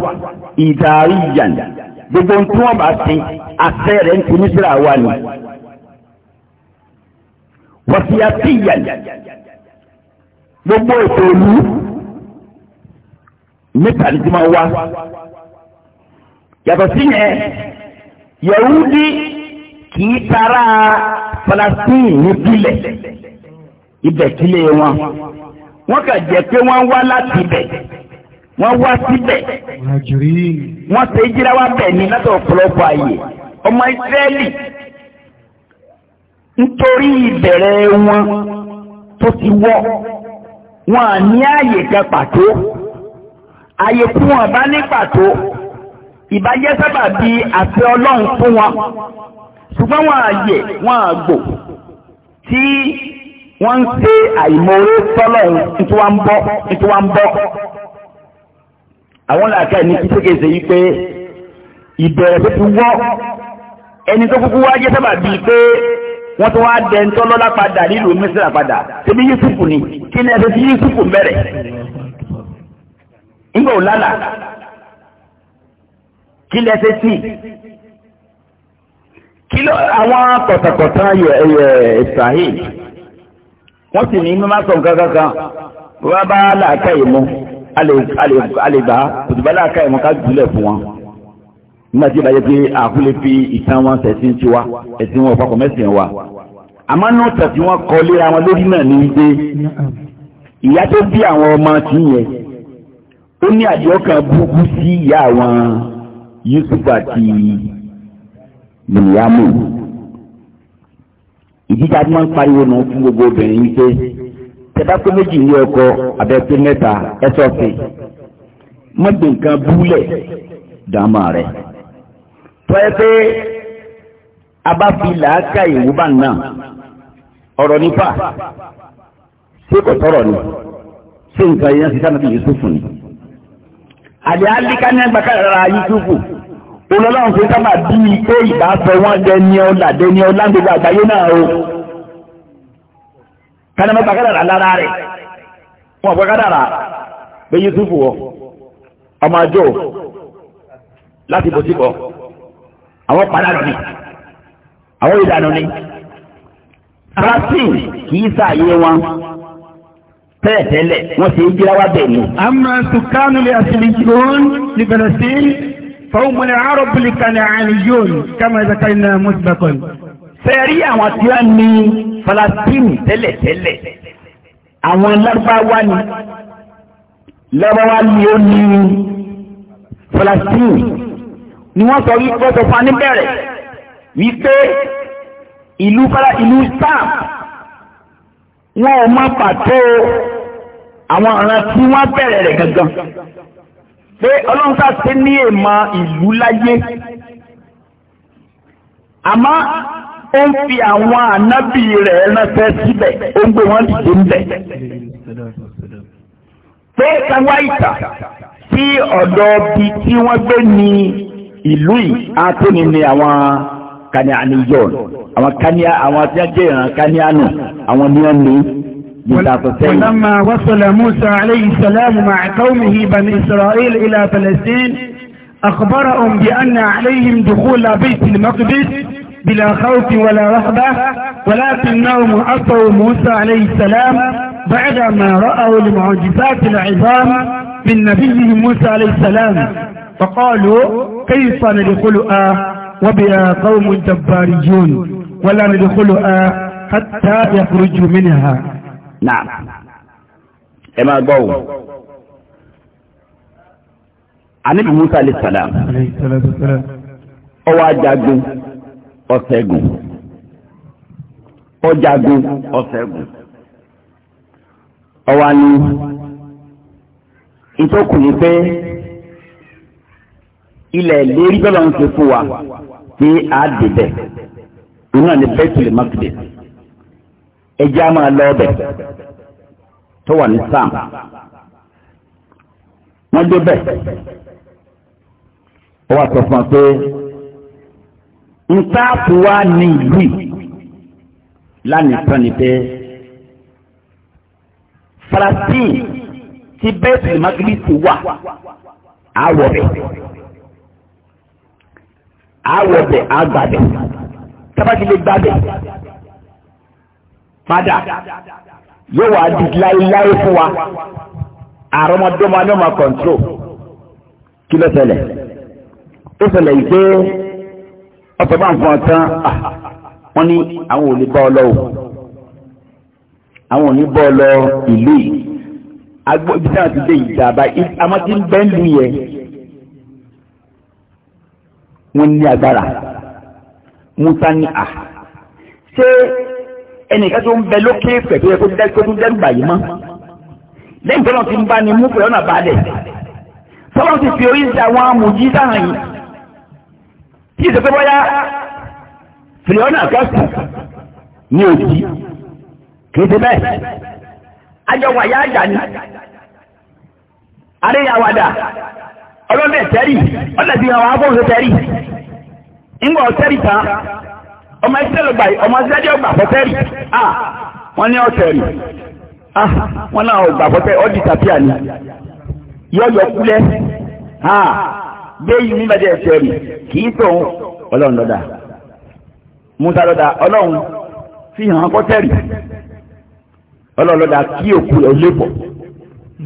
ìdarí yànjá gbogbo tí wọ́n bá ṣe àṣẹ rẹ̀ ń ti Misra wà ní wọ́n ti yà sí gbogbo ètò ìlú mẹ́ta ni ti máa wá yàtọ̀ sí yẹn yahudi kìí tara palestine ní bílẹ̀ ibẹ̀ kílẹ̀ wọn wọn kà jẹ́ pé wọ́n wá láti ibẹ̀ wọ́n wá síbẹ̀ wọ́n ṣe jíra wá bẹ̀ ní látọ̀ ọ̀pọ̀lọpọ̀ ààyè ọmọ ìsírẹ́lì nítorí ìbẹ̀rẹ̀ wọn tó ti wọ́ wọn à ní kan pàtó àyè fún wọn bá ní pàtó ìbàjẹ́ sábà bí àti ọlọ́run fún wọn ṣùgbọ́n wọn àyè wọn àgbò tí wọ́n ń ṣe àìmọ̀ọ́rẹ́ tọ́lọ́run nítorí wọn ń bọ́ nítorí wọn ń bọ́ àwọn làákà ní kí ségesè yìí pé ìbẹ̀rẹ̀ tó ti wọ́ ẹni tó kúkú wá jẹ́ sábà bíi pé wọ́n tó wá dẹ ń tọ́lọ́lá padà nílùú mísírà padà ṣebí Yúsúfù ni kí ni ẹ̀sẹ̀ tí Yúsúfù ń bẹ̀rẹ̀ ńgbà ò lálà kí lẹ ṣe sí kí ló àwọn kọ̀tàkọ̀tà yẹ ẹ̀yẹ ìsàhìn wọ́n sì ní mímá sọ̀ nǹkan kankan bàbá bá làákà yìí mú àlèbá kùtùbá làákà yìí mú ká jùlẹ̀ fún wọn nígbà tí ìbàjẹ́ pé àkúlẹ̀ fi ìtàn wọn ṣẹ̀sìn tí wa ẹ̀sìn wọn papọ̀ mẹ́sìn wa àmọ́ náà tàbí wọn kọ́ léra wọn lórí náà ní í ìyá tó bí àwọn ọmọ tí yẹn ó ní àdìọ́kàn burúkú sí ìyá àwọn Yusuf àti Mùnìyàmù ìdíjà tí wọ́n ń pariwo nù fún gbogbo obìnrin yìí pé tẹ́tà pé méjì ní ọkọ abẹ́pẹ́ mẹ́ta ẹ̀sọ́ fè mọ́gbìn nǹkan búlẹ̀ dàmà rẹ̀ tọ́ ẹ pé abáfi làákà ìwú bá náà ọ̀rọ̀ nípa ṣé kò tọ̀rọ̀ ni ṣé nǹkan yẹn ti sáà nàbí Yusuf ni àdé alíká ní ẹgbẹ́ kára yusufu olólùwọ̀n fi sábà bí i pé ìbáfẹ́ wọn dẹni ọlá dẹni ọlá gbogbo àgbáyé náà o kánà mẹ́ta kádàrà lára rẹ̀ wọn ọ̀pọ̀ kádàrà pé yusufu wọ ọmọ àjọ láti bọ̀ síbọ̀ àwọn paradì àwọn ìdànù ni brazil kì í sàyé wọn tẹ́lẹ̀ tẹ́lẹ̀ wọ́n ṣe jíra wá bẹ̀ ni. àmà sùkánù lè àṣìlì yòón ní bẹ̀rẹ̀ sí fọwọ́n mọ̀lẹ́ àròbìlì kan àní yòón kama zakari náà mọ̀ síbàkọ́ ni. fẹ́ẹ̀rí àwọn tí wọ́n ní Palestine tẹ́lẹ̀ tẹ́lẹ̀ àwọn lárúbáwá ni lárúbáwá ni ó ní Palestine ni wọ́n sọ wípé sọ fani bẹ̀rẹ̀ wípé ìlú ìlú sáà wọn ò má pàtó àwọn ọ̀ràn tí wọ́n bẹ̀rẹ̀ rẹ̀ gangan pé ọlọ́run ká ṣe ní èèmọ̀ ìlú láyé àmọ́ ó ń fi àwọn ànábì rẹ̀ ránṣẹ́ síbẹ̀ ó ń gbé wọn dìde ńbẹ̀ pé káwá ìta sí ọ̀dọ̀ bíi tí wọ́n gbé ní ìlú yìí àtúnni ni àwọn kanianijọ́ àwọn kania àwọn tí wọ́n jẹ́ ìran kanianu àwọn ni wọ́n ní. ولما وصل موسى عليه السلام مع قومه بني إسرائيل إلى فلسطين أخبرهم بأن عليهم دخول بيت المقدس بلا خوف ولا رهبة ولكنهم عصوا موسى عليه السلام بعدما رأوا المعجزات العظام من نبيه موسى عليه السلام فقالوا كيف ندخلها وبها قوم جباريون ولا ندخلها حتى يخرجوا منها náà ẹ máa gbọ́ o. musa alayhi salam ọwọ́ ajagun ọjagun ọwọ́ ni ni pé ilẹ̀ lérí bẹ́ẹ̀ a dìbẹ̀ òun náà ni bẹ́ẹ̀ tó lè má ẹjẹ́ a máa lọ ọbẹ̀ tó wà ní sam wọ́n débẹ̀ ó wà sọ fún wa pé ntaapu wa ní ìlú lánàá tán ni pé falasin ti bẹ́ẹ̀ magilisi wà àwọ̀ bẹ̀ àwọ̀ bẹ̀ àgbà bẹ̀ tábàdìlẹ̀ gbà bẹ̀ padà yóò wá di láéláé fún wa àrọmọdọ́mọ ni ó máa kọ̀ǹtró kí ló ṣẹlẹ̀ ó ṣẹlẹ̀ yìí pé ọ̀sẹ̀ bá ń fún ọ tán wọ́n ní àwọn ò ní bá ọ lọ́wọ́ àwọn ò ní bá ọ lọ ìlú yìí agbó ibi tí wọ́n ti dé ìjàmbá àmọ́ ń bẹ́ ń yẹ wọ́n ní agbára musa ní à ṣé. ẹnìkan tó ń bẹ lókè pẹ̀ tó yẹ kó dẹ́rù bàyí mọ́ lẹ́yìn tó lọ́n ti ń bá ni mú pẹ̀lú ọ̀nà balẹ̀ tọ́lọ́ ti fi orí sí àwọn amòjì sáhàn yìí tí ìsọ̀kẹ́ bọ́yá fìlíọ́nà kẹ́sì ní òjì kéde bẹ́ẹ̀ ajọwọ̀ àyá àjà ni àríyàwàdà ọlọ́dẹ̀ tẹ́rì ọlọ́dẹ̀ fi hàn wá bóun tẹ́rì tẹ́rì tán ọmọ ìṣẹ́lẹ̀ gbà yìí ọmọ ìṣẹ́lẹ̀ ọgbà bọ́tẹ́rì ah wọ́n ní ọ̀tẹ̀rì ah wọ́n náà ọgbà bọ́tẹ́rì ọ́ dìtàpíà ni yọ̀yọ̀ kúlẹ̀ ah gbé yìí nígbà jẹ́ ẹ̀tẹ̀rì kì í tó ọlọ́run lọ́dà musa lọ́dà ọlọ́run fi hàn án bọ́tẹ́rì ọlọ́run lọ́dà kí òkú rẹ̀ lé bọ̀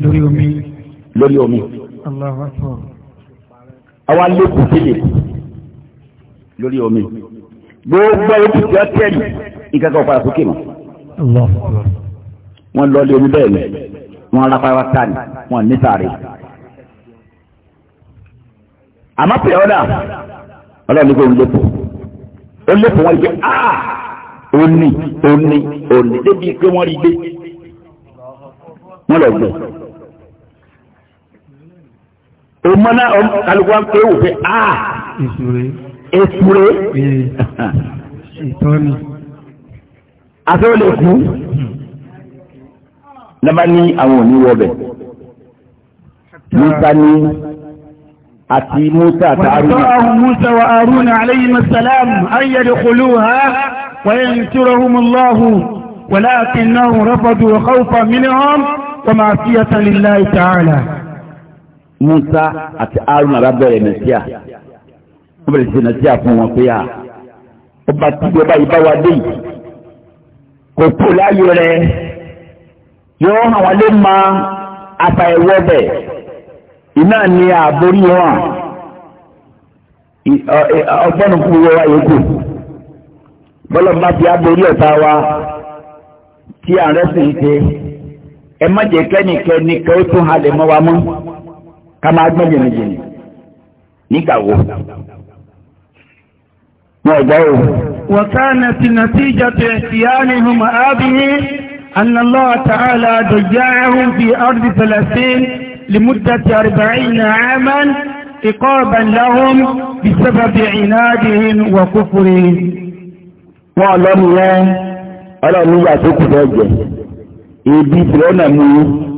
lórí omi lórí omi àwọn alẹ́kùn kéde lórí omi gbogbo ojú ti ọtẹ́lì ìkẹ́kọ̀ọ́ padà sókè mọ́. wọ́n lọ lé omi bẹ́ẹ̀ ni wọ́n rápáwá ta ni wọ́n ní sáré. àmọ́ pè ọ́ náà ọlọ́run kò ń lépo ó lépo wọn gbé a ah, ó ní ó ní ó ní débi pé wọ́n rí gbé wọ́n lọ gbé. òun náà kálukú wa ń pè é wò pé a. Ah, ekure àti ó lè kú lọ́ba ní àwọn òní wọbẹ̀ Musa ní àti Musa àti Aruna. wàtọ́ àwọn Musa wa Aruna alayhim assalam ayyadu kuluha wa yansuruhum Allahu walakinnahum rafadu khawfan minhum wa ma'siyatan lillahi ta'ala. Musa àti Aruna bá mẹ́síà wọ́n bẹ̀rẹ̀ sí nàìjíríà fún wọn pé à ọba tíjọ báyìí bá wa dé yìí kò kú láyé rẹ yóò hàn wá lé ma ata ẹwọ iná ni àbórí wọn ọgbọ́n kú wọ́n wá yòókù bọ́lọ́mọba ti àbórí ọ̀tá wa tí à ń rẹ́sìn ṣe ẹ má jẹ́ kẹ́nìkẹ́ni kẹ́ ó tún halẹ̀ mọ́ wa mọ́ ká máa gbọ́n jìnnìjìnnì nígbà wo. وكانت نتيجة احتيالهم هذه أن الله تعالى ضيعهم في أرض فلسطين لمدة أربعين عاما إقابا لهم بسبب عنادهم وكفرهم وعلم يا ألم يأتوك فجأة إبي فرعون أمي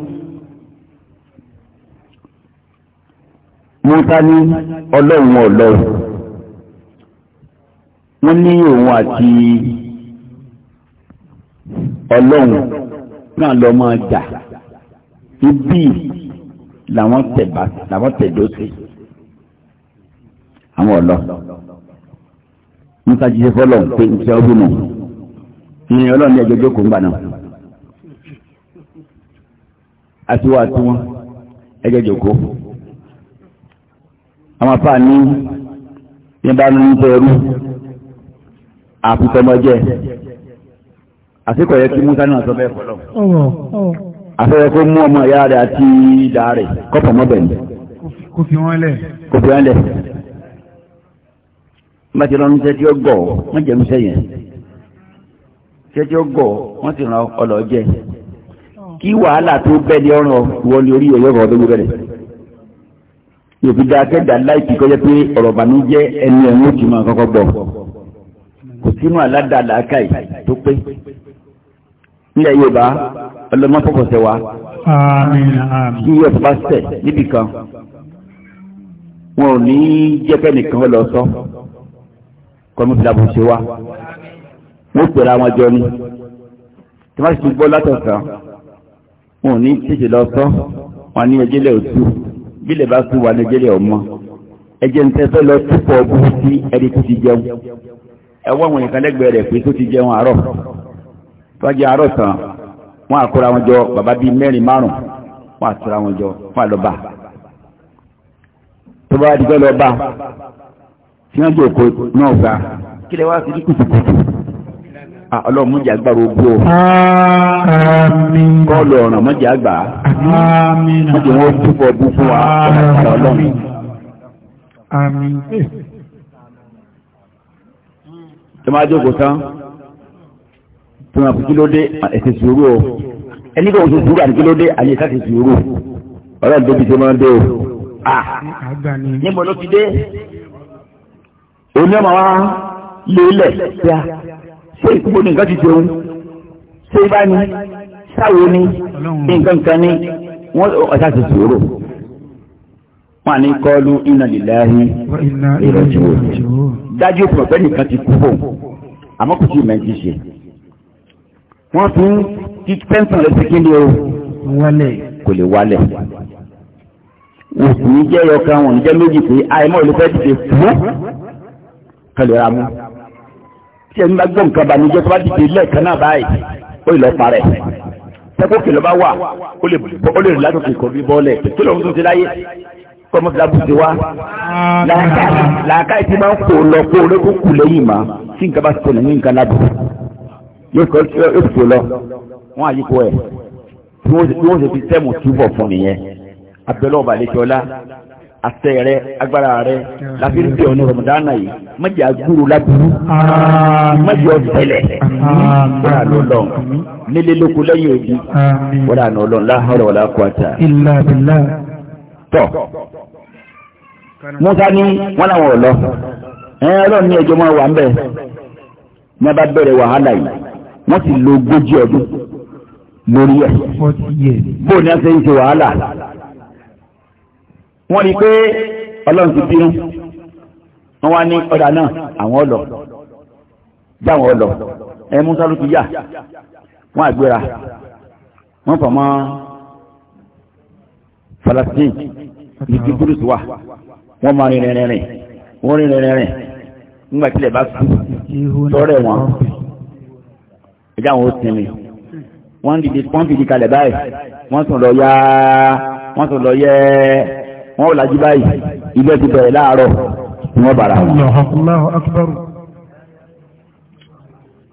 موتاني ألوم ألوم wọ́n ní òun àti ọlọ́run náà lọ máa jà ibi làwọn tẹ̀bá làwọn tẹ̀dó sí àwọn ọ̀lọ́ nípa jíjẹ fọlọ́n pé n ṣe ọdún nù ìrìn ọlọ́run ní ẹjọ́ jókòó ń gbà náà àti wọ́n àti wọ́n ẹjọ́ jókòó àwọn afáàní yẹn bá ń tẹ ẹrú àfitọ́mọ́jẹ́ àsìkò yẹ kí Musa náà sọ bẹ́ẹ̀ fọlọ́ àfẹ́rẹ́ kó mú ọmọ ìyá rẹ̀ àti ìdá rẹ̀ kọ́pọ̀ mọ́bẹ̀ ní kò fi wọ́n lẹ̀ kò fi wọ́n lẹ̀ bá ti rọrùn iṣẹ́ tí ó gọ̀ wọ́n jẹ́ iṣẹ́ yẹn iṣẹ́ tí ó gọ̀ wọ́n ti ràn ọlọ́ jẹ́ kí wàhálà tó bẹ́ẹ̀ ní ọ̀rọ̀ wọ́n ní orí ẹ̀yọ́ ọ̀rọ̀ tó gbé yòókù dáa kẹ́dà láìpì kọjá pé ọ̀rọ̀ kò sínú aládàlàkà yìí tó pé nílẹ̀ Yorùbá ọlọ́mọ pọ̀pọ̀sẹ̀ wa kí yóò bá sẹ̀ níbì kan wọn ò ní jẹ́pẹ́ nìkan lọ sọ kọ́mú fìlàbù ṣe wa wọ́n pèrè àwọn jọ ni tí wọ́n sì gbọ́ látọ̀sán wọn ò ní tètè lọ sọ wọn ní ẹjẹ́ lẹ́ òtú bílẹ̀ bá sùn wà ní ẹjẹ́ lẹ́ ọmọ ẹjẹ́ ń tẹ́ fẹ́ lọ túpọ̀ ọbú sí ẹni tó ti jẹun ẹwọ́ àwọn èèyàn lẹ́gbẹ̀ẹ́ rẹ̀ pé tó ti jẹun àárọ̀ tó jẹ àárọ̀ tán wọ́n àkóra wọn jọ bàbá bíi mẹ́rin márùn wọ́n àtúra wọn jọ fún àlọ́bà tó bá di gbọ́dọ̀ bá tí wọ́n jẹ́ òkò náà ga kí lè wá sí ní kùtùkùtù ọlọ́run mọ̀jẹ̀ agbára ogbó o kọ́ọ̀lù ọ̀ràn mọ̀jẹ̀ àgbà mọ̀jẹ̀ wọn túbọ̀ bú fún wa ọlọ́run tó máa jókòó tán tó máa fi kílódé ẹ̀sẹ̀ sùúrù o ẹni kò sí sùúrù àti kílódé àti ẹ̀sẹ̀ sùúrù ọlọ́run débi tó máa ń dé o. níbo ló ti dé òní ọmọ wa lélẹ̀ ya ṣé ìkúgbó ní nǹkan ti jẹun ṣé ibà ni sáwo ni nǹkan kan ni wọ́n ọ̀sà ti sùúrù wọ́n ní kọlu iná lìláhí ìrọ̀jú dájú òkú ọ̀pẹ́ nìkan ti kú fóun àmọ́ kò sí ìmẹ̀jì ṣe wọ́n tún ti pẹ́ńsàn rẹ̀ sí kíni o kò lè wálẹ̀ òkú ní jẹ́ ọkàn wọn jẹ́ méjì pé àìmọ́ ìlú fẹ́ ti ṣe fún kẹlẹ̀ ra mú tí ẹni bá gbọ́ nǹkan bànújẹ́ tó bá dìde lẹ́ẹ̀kan náà báyìí ó lọ parẹ́ tẹ́kọ̀ọ́kì lọ́ba wà ó lè rí látòkè kò rí tó lọ́wọ́ tó ti láyé kọ́mọ́sílábùsí wa làákàyè tí máa ń kó lọ kó olókùn kù lẹ́yìn mà tí nǹkan bá ti tẹ̀lé ní nǹkan lábù yóò kó lọ wọn àyíkó ẹ̀ bí wọ́n ṣe fi sẹ́mù túbọ̀ fún nìyẹn abẹ́lẹ́ ọba àlejò ọlá àtẹ rẹ agbára rẹ láfi ń bẹ ọ ní rọmọdánà yìí mọjì agbúrú lábúrú mọjì ọtẹlẹ wọn àná Ọlọ́run nílé lóko lẹ́yìn òbí wọn àná Ọlọ́run láhàrọ wàlá kọta. tọ musa ní wọn làwọn ò lọ ẹ ọlọ́run ní ẹjọ́ máa wà ń bẹ̀ ní a bá bẹ̀rẹ̀ wàhálà yìí wọ́n sì lo ogójì ọdún lórí ẹ̀ bó ní a ṣe ń ṣe wàhálà wọ́n rí i pé ọlọ́run ti bínú wọ́n wá ní ọ̀dà náà àwọn ọlọ jáwọn ọlọ ẹ musa ló ti yà wọ́n àgbéra wọ́n fọ̀ mọ́ ní kí kúrúsù wà wọ́n máa rìn rìn rìn wọ́n rìn rìn rìn nígbà tí ilẹ̀ bá kú lọ́rẹ̀ wọn ẹjá wọn ó sinmi wọ́n dìde wọ́n fìdí kalẹ̀ báyìí wọ́n tún lọ yá wọ́n tún lọ yẹ wọ́n ò lajú báyìí ilé ti bẹ̀rẹ̀ láàárọ̀ ni wọ́n bàrà wọn.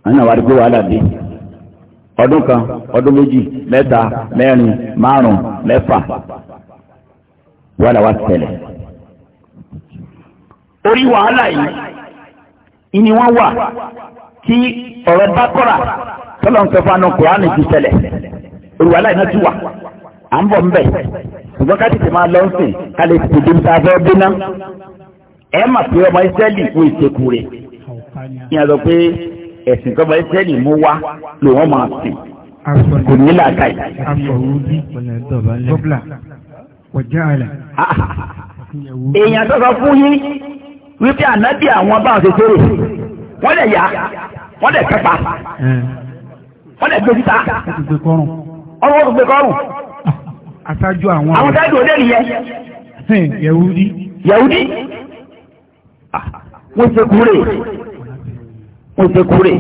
àwọn àwárí pé wàhálà dé ọdún kan ọdún méjì mẹ́ta mẹ́rin márùn-ún mẹ́fà wàhálà wá tẹ̀lẹ̀ orí wàhálà yìí ìní wọn wà kí ọ̀rọ̀ bá kọ́ra tọ́lọ̀ ń sọ fún anú kùránì ti ṣẹlẹ̀ orí wàhálà yìí náà ti wà à ń bọ̀ ńbẹ̀ ṣùgbọ́n ká tètè máa lọ sìn ká lè tètè dé níta fẹ́ bínú ẹ mà pé ọmọ ìsẹ́lì fún ìṣekú rẹ̀ ìyẹn sọ pé ẹ̀sìn tọ́mọ ìsẹ́lì mú wá lòun máa sìn kò ní làákàyè. èèyàn tó sọ fún yín wípé ànábì àwọn báwọn ṣe ṣeré wọ́n lè yá wọ́n lè pẹ́pa wọ́n lè gbé síta ọwọ́ gbé kọ́rùn. aṣáájú àwọn àwọn tájú òde nìyẹn. yẹ̀wúdí. yẹ̀wúdí. Ah, wọ́n ṣe kúrè wọ́n ṣe kúrè.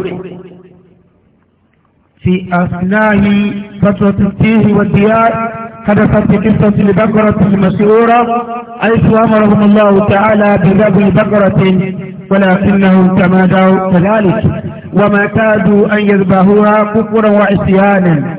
fi àṣìláyìn pàtàkì tí ìwà díẹ̀. حدثت في قصة البقرة المسعورة حيث أمرهم الله تعالى بذبح بقرة ولكنهم تمادوا كذلك وما كادوا أن يذبحوها كفرا وعصيانا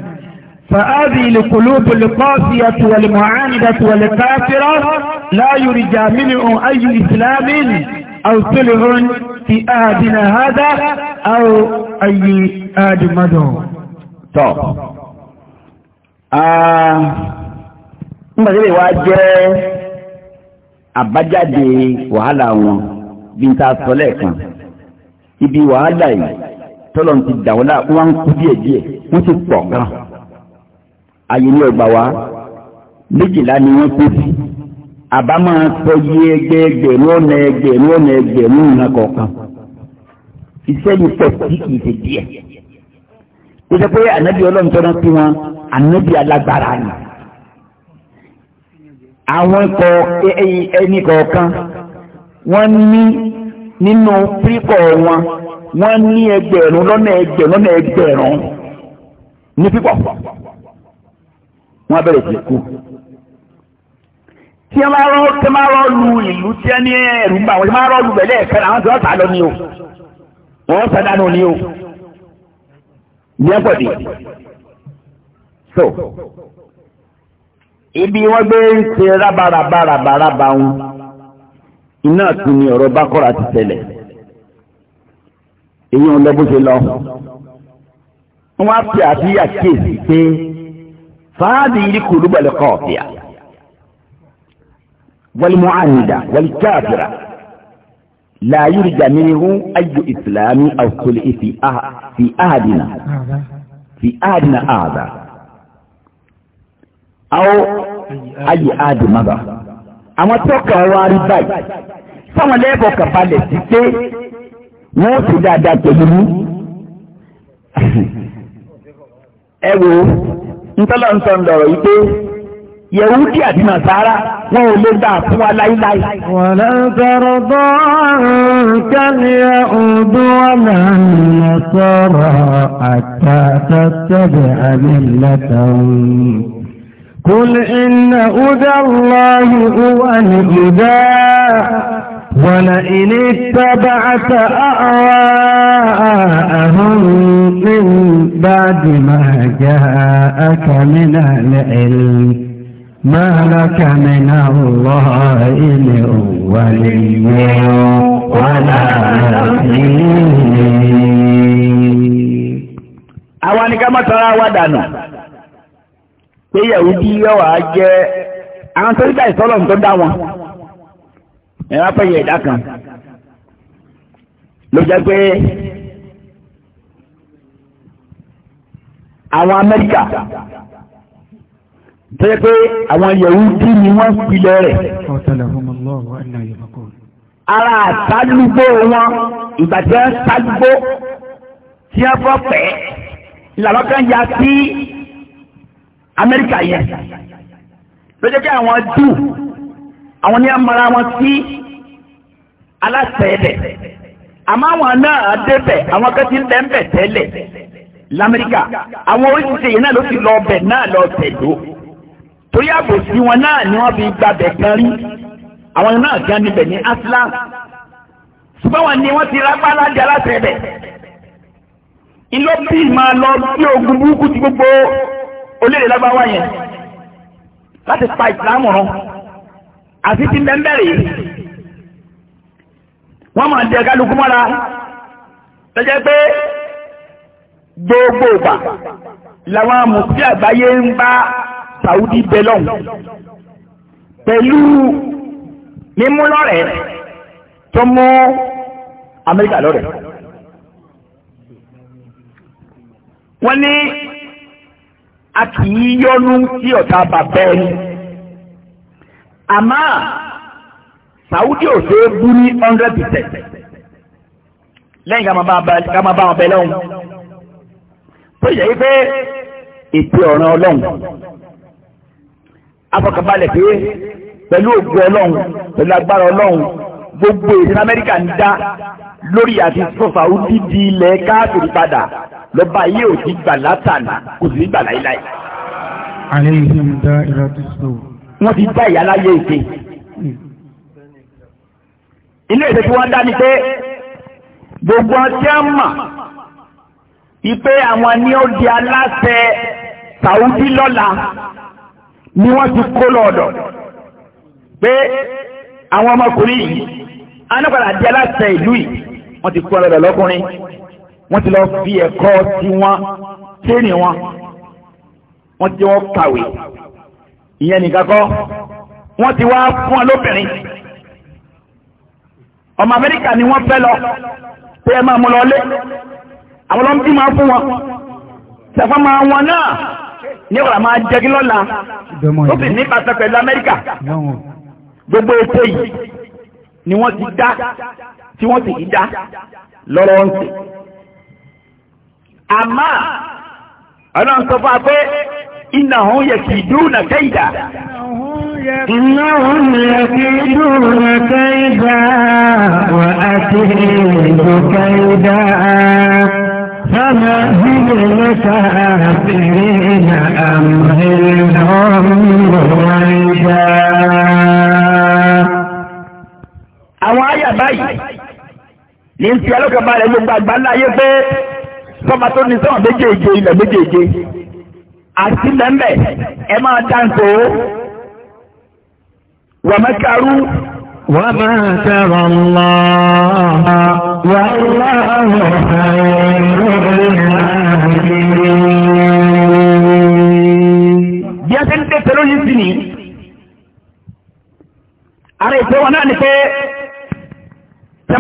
فهذه القلوب القاسية والمعاندة والكافرة لا يرجى منهم أي إسلام أو صلح في آدنا هذا أو أي آد مدعو طب آه nígbà tí lè wá jẹ́ àbájáde wàhálà wọn bí ibi wàhálà yìí tọ́lọ̀ ti dàwọ́lá wọ́n ń kú díẹ̀ díẹ̀ wọ́n ti pọ̀ gan ayé ní ọgbà wa méjìlá ni wọ́n pín sí àbá máa sọ yí ọ̀nà ẹgbẹ̀rún ọ̀nà ẹgbẹ̀rún kọ̀ọ̀kan iṣẹ́ yìí pọ̀ sí díẹ̀ kó jẹ́ pé ọlọ́run àwọn ẹni kọ̀ọ̀kan wọ́n ní nínú pípọ̀ wọn wọ́n ní ẹgbẹ̀rún lọ́nà ẹgbẹ̀rún lọ́nà ẹgbẹ̀rún ní pípọ̀ wọ́n bẹ̀rẹ̀ sí kú tí wọ́n rọ́ tí wọ́n rọ́ lu ìlú tí wọ́n ní ẹ̀rù ń bà wọ́n tí wọ́n rọ́ lu bẹ̀lẹ́ ẹ̀kẹ́ àwọn tí wọ́n sá lọ ní o wọ́n sá dánú ní o ní ẹ̀pọ̀ dì so ibi wọ́n gbé ń ṣe rábarabarabaraba wọn iná tún ni ọ̀rọ̀ bákọ́ra ti tẹ̀lẹ̀ èyí ń lọ bó ṣe lọ wọ́n á fi àfíyà kíyèsí pé fàádì yìí kò lúbọ̀lẹ̀ kọ́ ọ̀fìà wàlímọ̀ ànìdá wàlí káàfìrà láàyè rìjà mìíràn ayò ìsìlámì àwùjọ fi àhàdìnà fi àhàdìnà àhàdà. awo ayé áàdì àwọn tó kàn wá rí báyìí sáwọn lẹ́bọ̀ kan balẹ̀ sí pé wọ́n ti dáadáa pẹ̀lú mú ẹ wo ntọ́lọ́ ń sọ yìí pé yẹ̀wúdí àti lai. wọn ò lè gbà fún wa láíláí. wọ́n tọrọ bọ́ kálíà ọdún ọ̀nà ìlọsọ̀rọ̀ قل إن هدى الله هو الهدى ولئن اتبعت أعواءهم من بعد ما جاءك من العلم ما لك من الله من ولي ولا نصير. àwọn ni ká má pé Yahudi yọ̀wà jẹ́ àwọn tó ń gbà ìsọ́lọ̀ tó dá wọn ẹ̀rọ apẹ̀yẹ ẹ̀dá kan ló jẹ́ pé àwọn Amẹ́ríkà tó yẹ pé àwọn Yahudi ni wọ́n pilẹ̀ rẹ̀ ara àtàlúgbó wọn ìgbà tí wọ́n ń sálúgbó tí wọ́n fọ́ pẹ́ ìlànà kan ya sí amẹ́ríkà yẹn lójó kí àwọn jù àwọn ní amara wọn sí aláṣẹ́ẹ̀dẹ̀ àmọ́ àwọn náà débẹ̀ àwọn kan ti ń bẹ́ẹ̀ tẹ́lẹ̀ lamẹ́ríkà àwọn oríṣiríṣi yìí náà ló ti lọ ọbẹ̀ náà lọ tẹ̀dó torí àbòsí wọn náà ni wọ́n fi gbàbẹ̀ kan rí àwọn náà gan níbẹ̀ ní aslam ṣùgbọ́n wọn ni wọ́n ti rápá lájà aláṣẹ́ẹ̀dẹ̀ ìlọ́pì máa lọ sí ogun burúkú ti gbogbo olóyè lágbáwá yẹn láti pa ìsìlámù rán àti ti bẹ́ńbẹ́rì yìí wọ́n máa jẹ kálukú mọ́ra tẹ́jẹ́ pé gbogbo ìgbà làwọn amòfin àgbáyé ń bá Saudi belong pẹ̀lú mímú lọ́rẹ̀ tó mú Amẹ́ríkà lọ́rẹ̀ wọ́n ní a kì í yọnu sí ọ̀tá bàbá ẹni àmọ́ Saudi ò ṣe é bú ní hundred percent lẹ́yìn ká máa bá wọn bẹ lọ́hùn tó yẹ pé ètò ọ̀ràn ọlọ́hùn afọkànbalẹ̀ pé pẹ̀lú ògùn ọlọ́hùn pẹ̀lú agbára ọlọ́hùn gbogbo èdè amẹ́ríkà ń dá lórí àti sọ́fà ó dídí ilẹ̀ káàkiri padà lọ́ba yìí ò ti gbà látànà kò sì ní gbà láíláí. àlẹ́ yìí ń dá ìrọ̀ tó sọ. wọ́n ti dá ìyá láyé ète. ilé ìṣe tí wọ́n dá ni pé gbogbo ọtí á mà ipe àwọn ni ó di aláṣẹ sàúdí lọ́la ni wọ́n ti kó lọ́dọ̀ pé àwọn ọmọkùnrin yìí anápadà di aláṣẹ ìlú yìí wọ́n ti kú ọlọ́dọ̀ lọ́kùnrin wọ́n ti lọ fi ẹ̀kọ́ tí wọ́n tẹ́rì wọn wọ́n ti wọ́n kàwé ìyẹn nìkan kọ́ wọ́n ti wá fún ọ lóbìnrin ọmọ amẹ́ríkà ni wọ́n fẹ́ lọ pé ẹ máa mú lọ lé àwọn lọ́n bí máa fún wọn ṣẹ̀fọ́ máa wọn náà ní ọ̀rọ̀ máa jẹ́gí lọ́la ó sì ní pàṣẹ pẹ̀lú amẹ́ríkà gbogbo ètò yìí ni wọ́n ti dá tí wọ́n ti dá lọ́rọ̀ ń tè. àmọ́ ọlọ́run sọ fún wa pé iná òun yẹ kì í dúró nà kẹ́yìdá. iná òun yẹ kì í dúró nà kẹ́yìdá wà á ti èèyàn kẹ́yìdá. Fama hìlẹ̀ lọ́ta àbẹ̀rẹ̀ nà àmọ̀ ẹ̀rọ ọ̀rọ̀ ìjà àwọn àyà báyìí ní ti alókàbalẹ̀ gbogbo àgbà ńlá yé pé sọ́ba tó ní sọ́wọ́n méjèèje ilẹ̀ méjèèje àti mẹ́mẹ́ ẹ máa dáńtò wàmẹ́karú. وما ترى الله والله خير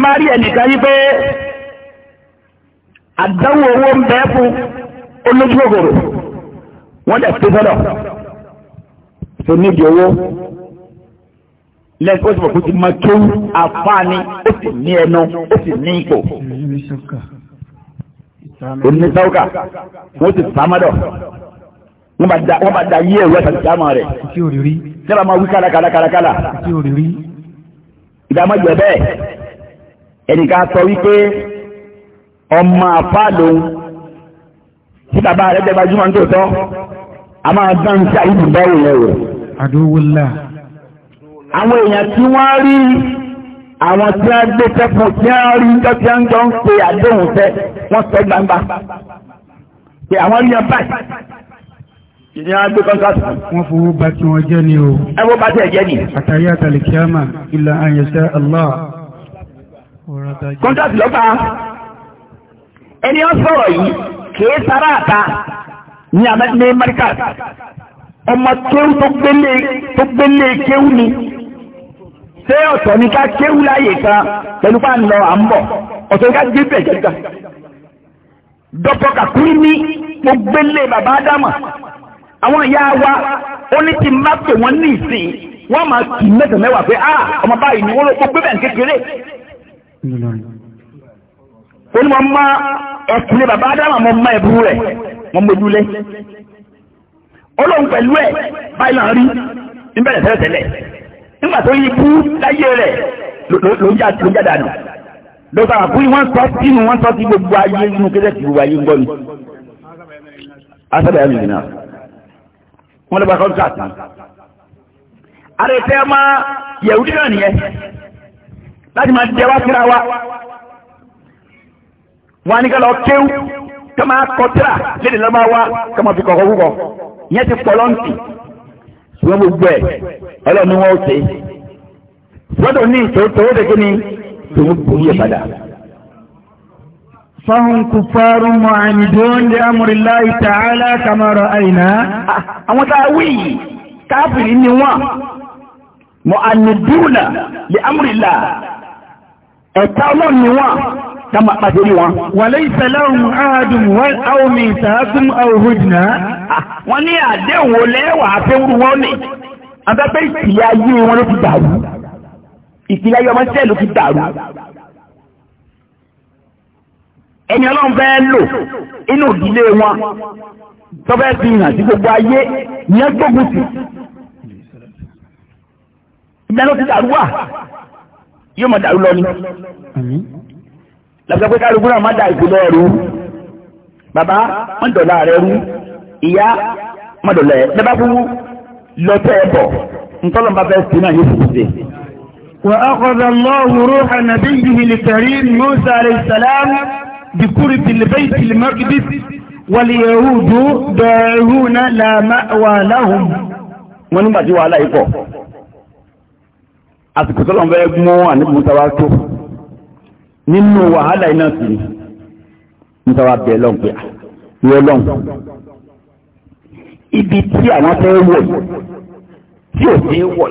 bá rí ẹnìkan yí pé àdánwò owó ń bẹ fún olójú ògòrò wọ́n dẹ̀ pé sọ́dọ̀ tó níbi owó lẹ́yìn tó sọ̀rọ̀ kó ti máa tó àfáàní ó sì ní ẹnu ó sì ní ipò onísọ́ọ̀kà wọ́n ti sàmádọ̀ wọ́n bá da yí ẹ̀rọ àti sàmà rẹ̀ tí ó rí rí tí a bá máa wí kárakárakára ìdá máa jẹ bẹ́ẹ̀ ẹnìkan sọ wípé ọmọ àfá lòun tí bàbá rẹ̀ jẹ́ gbajúmọ̀ ní tòótọ́ a máa gbá ń ṣe àyíkù bá òun ẹ̀wọ̀. àdúgbòlá. àwọn èèyàn tí wọ́n rí àwọn tí wọ́n gbé tẹ́kùn tí wọ́n rí tó tí wọ́n jọ ń pe àdéhùn tẹ́ wọ́n sọ gbangba pé àwọn rí yan báyìí ìní àgbé kọ́ńtàtì. wọ́n fowó bá tí wọ́n jẹ́ ni o. ẹ wọ́n bá tẹ̀ jẹ́ ni. àtàrí àtàlẹ̀kíámà ìlà àyẹ̀ṣẹ́ Allah kọ́ńtàtì lọ́pá ẹni ó sọ̀rọ̀ yìí kìí sára àta ní amẹ́tìní mẹ́ríkà ọmọ kéwù tó gbélé kéwù ni ṣé ọ̀tọ̀ ní ká kéwù láyè kan pẹ̀lú pa ń lọ à ń bọ̀ ọ̀tọ̀ ní ká gbé bẹ̀ jẹ́ríkà dọ́pọ̀ kàkúrí ní mo gbélé bàbá ádámà àwọn ìyá wa ó ní ti má pè wọ́n ní ìsìn wọ́n máa kì í pé ah ọmọ báyìí ni wọ́n ló kó gbé bẹ̀ kékeré ó ní mo mọ ẹkùnrin bàbá Ádámà mo mọ ẹ̀bùrú rẹ̀ mo mójúlé olóhùn pẹ̀lú ẹ̀ báyìí náà rí níbẹ̀rẹ̀ tẹ́lẹ̀ tẹ́lẹ̀ nígbà tó yí bú láyé rẹ̀ ló ń já dànù lọ́sọ̀ àbúrí wọ́n sọ sínú wọ́n sọ sí gbogbo ayé inú kẹ́sẹ̀ tí gbogbo ayé ń gbọ́ ni asábẹ̀ ẹ̀mìnì náà wọ́n lọ́ba kọ́ńtà tán àrètẹ́ ọmọ yẹ̀wù dínà nìyẹn láti máa jẹ wá síra wa wọn á ní ká lọ kéwú ká máa kọ tíra lédè lọ́ba wa ká máa fi kọ̀kọ́ kúkọ ìyẹn ti pọ̀ lọ́ǹtì ṣùgbọ́n gbogbo ẹ̀ ọlọ́ni wọn ò ṣe lọ́dọ̀ ní ìṣòro tó kí ni tòun kùn yẹ padà. فهم كفار معاندون لأمر الله تعالى كما رأينا àwọn tá a wí kèfèrí ni wọ́n معاندون لأمر الله ẹ̀ta ọlọ́run ni wọ́n kama pàtẹ́rí wọn. wàlẹ́ ìfẹ́lẹ́ ohun ahadùn wọ́n àwọmí ìtàákùn àwòrìdìnà. wọ́n ní àdéhùn olẹ́wà àfẹ́wúrú wọn ni. abẹ́pẹ́ ìpìlẹ̀ ayé wọn ló ti dàrú. ìpìlẹ̀ ayé ọmọ sẹ́ẹ̀ ló ti dàrú. ẹni ọlọ́run fẹ́ lò inú ìdílé wọn tọ́fẹ́ fi hàn sí gbogbo ayé ní ẹgbógun sí. ìgbà ló ti dàrú wà yóò máa dàrú lọ ni. lọ́sọ̀ pé kálukú náà má da ìpínlẹ̀ rú bàbá má dọ̀là rẹ rú ìyá má dọ̀là ẹ̀ bẹ́ẹ̀ bá kú lọ tẹ́ ẹ bọ̀ ntọ́lọ́ bá fẹ́ sí náà yóò fi ṣe. وأخذ الله روح نبيه الكريم موسى عليه السلام بقرب البيت المقدس واليهود داعون لا مأوى لهم. wọ́n nígbà tí wàhálà yìí pọ̀ àsìkò tọ́lọ̀ fẹ́ mú àníbù mùsàwá tó nínú wàhálà iná sí mùsàwá bẹ̀ lọ́n pé ah, ìwọ lọ́n ibi tí àwọn fẹ́ wọ̀ tí ò sí wọ̀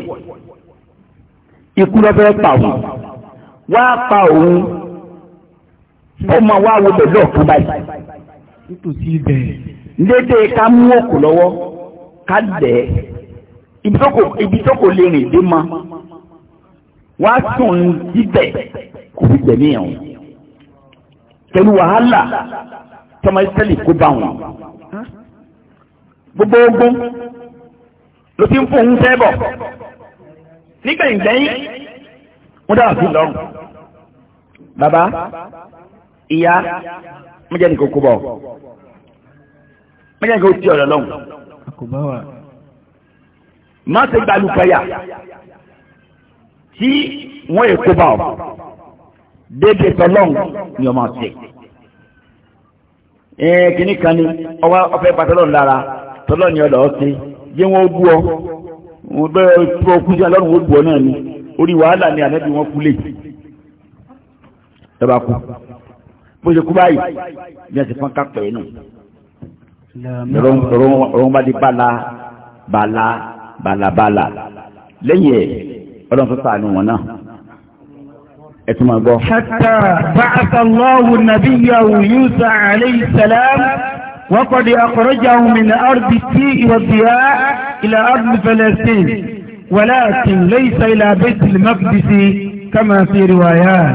ikú lọ́fẹ́ pa òun wá pa òun ọmọ wa wo bẹ̀ lọ́ọ̀kan báyìí nítòsí ibẹ̀. Lédè ká mú òkú lọ́wọ́ ká dẹ̀ ibi tó kò lè rìn dé ma wọ́n á sùn síbẹ̀ kò fi gbẹ̀mí ẹ̀ wọn. pẹ̀lú wàhálà tọmọ ìsẹ́lì kó bá wọn. gbogbo ogun ló ti ń fún òun fẹ́ bọ̀ nígbẹ̀yìngbẹ̀yìn wọ́n dára sí lọ́rùn. bàbá ìyá mẹ́jẹ̀ ní kò kó bọ̀ mẹ́jẹ̀ ní kò tí ọ̀rọ̀ lọ́hùn. má ṣe gbalùpàyà tí wọ́n èkó bá ọ déédéé tọ́lọ́hún ni ọmọ ọ̀sẹ̀ ẹ̀ẹ́n kìíní kan ni ọwọ́ ọ̀fẹ́ pàtọ́lọ́hún lára tọ́lọ́hún ni ọ̀dọ̀ ọ̀sẹ̀ jẹ́ wọ́n bú ọ wọ́n bẹ́ tó kú sí ọlọ́run ó bú ọ náà ni orí wàhálà ni ànábì wọn kú lè lọ́ba kú bó ṣe kú báyìí bí wọ́n ti fọ́n kápẹ́ yìí nù lọ́run bá di bala bala bala bala lẹ́yìn ẹ̀ ọlọ́run tó sàánú wọn náà ẹ̀tún máa gbọ́. hatta ba'atha Allahu nabiyyahu Yusa alayhi salam wa qad akhrajahu min ardi tí wad-diya ila ardi Falastin walakin laysa ila bayt al-maqdis kama fi riwayat.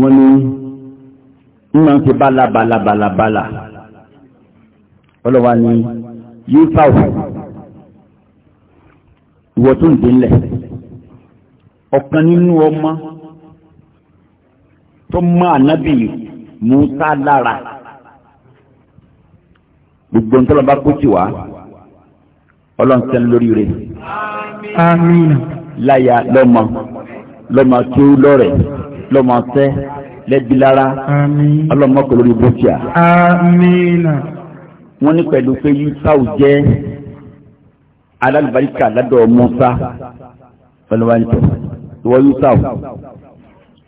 wọ́n ní nínú ti bala bala bala bala ọlọ́wà ni Yusa ìwọ tó ń dé ńlẹ̀ ọ̀kan nínú ọmọ tó mọ ànábì Musa lára gbogbo ń tọ́lọ́ bá kó tì wá ọlọ́run sẹ́ni lórí rẹ̀ àmín láyà lọ́mọ lọ́mọ tó lọ́rẹ̀ lọ́mọ sẹ́ lẹ́bi lára àmín ọlọ́mọ kò lórí bó tì à. wọ́n ní pẹ̀lú pé yíṣáù jẹ́ alálùbáríkà ládọ̀ Musa ọlọ́wájú ìwọ Musa o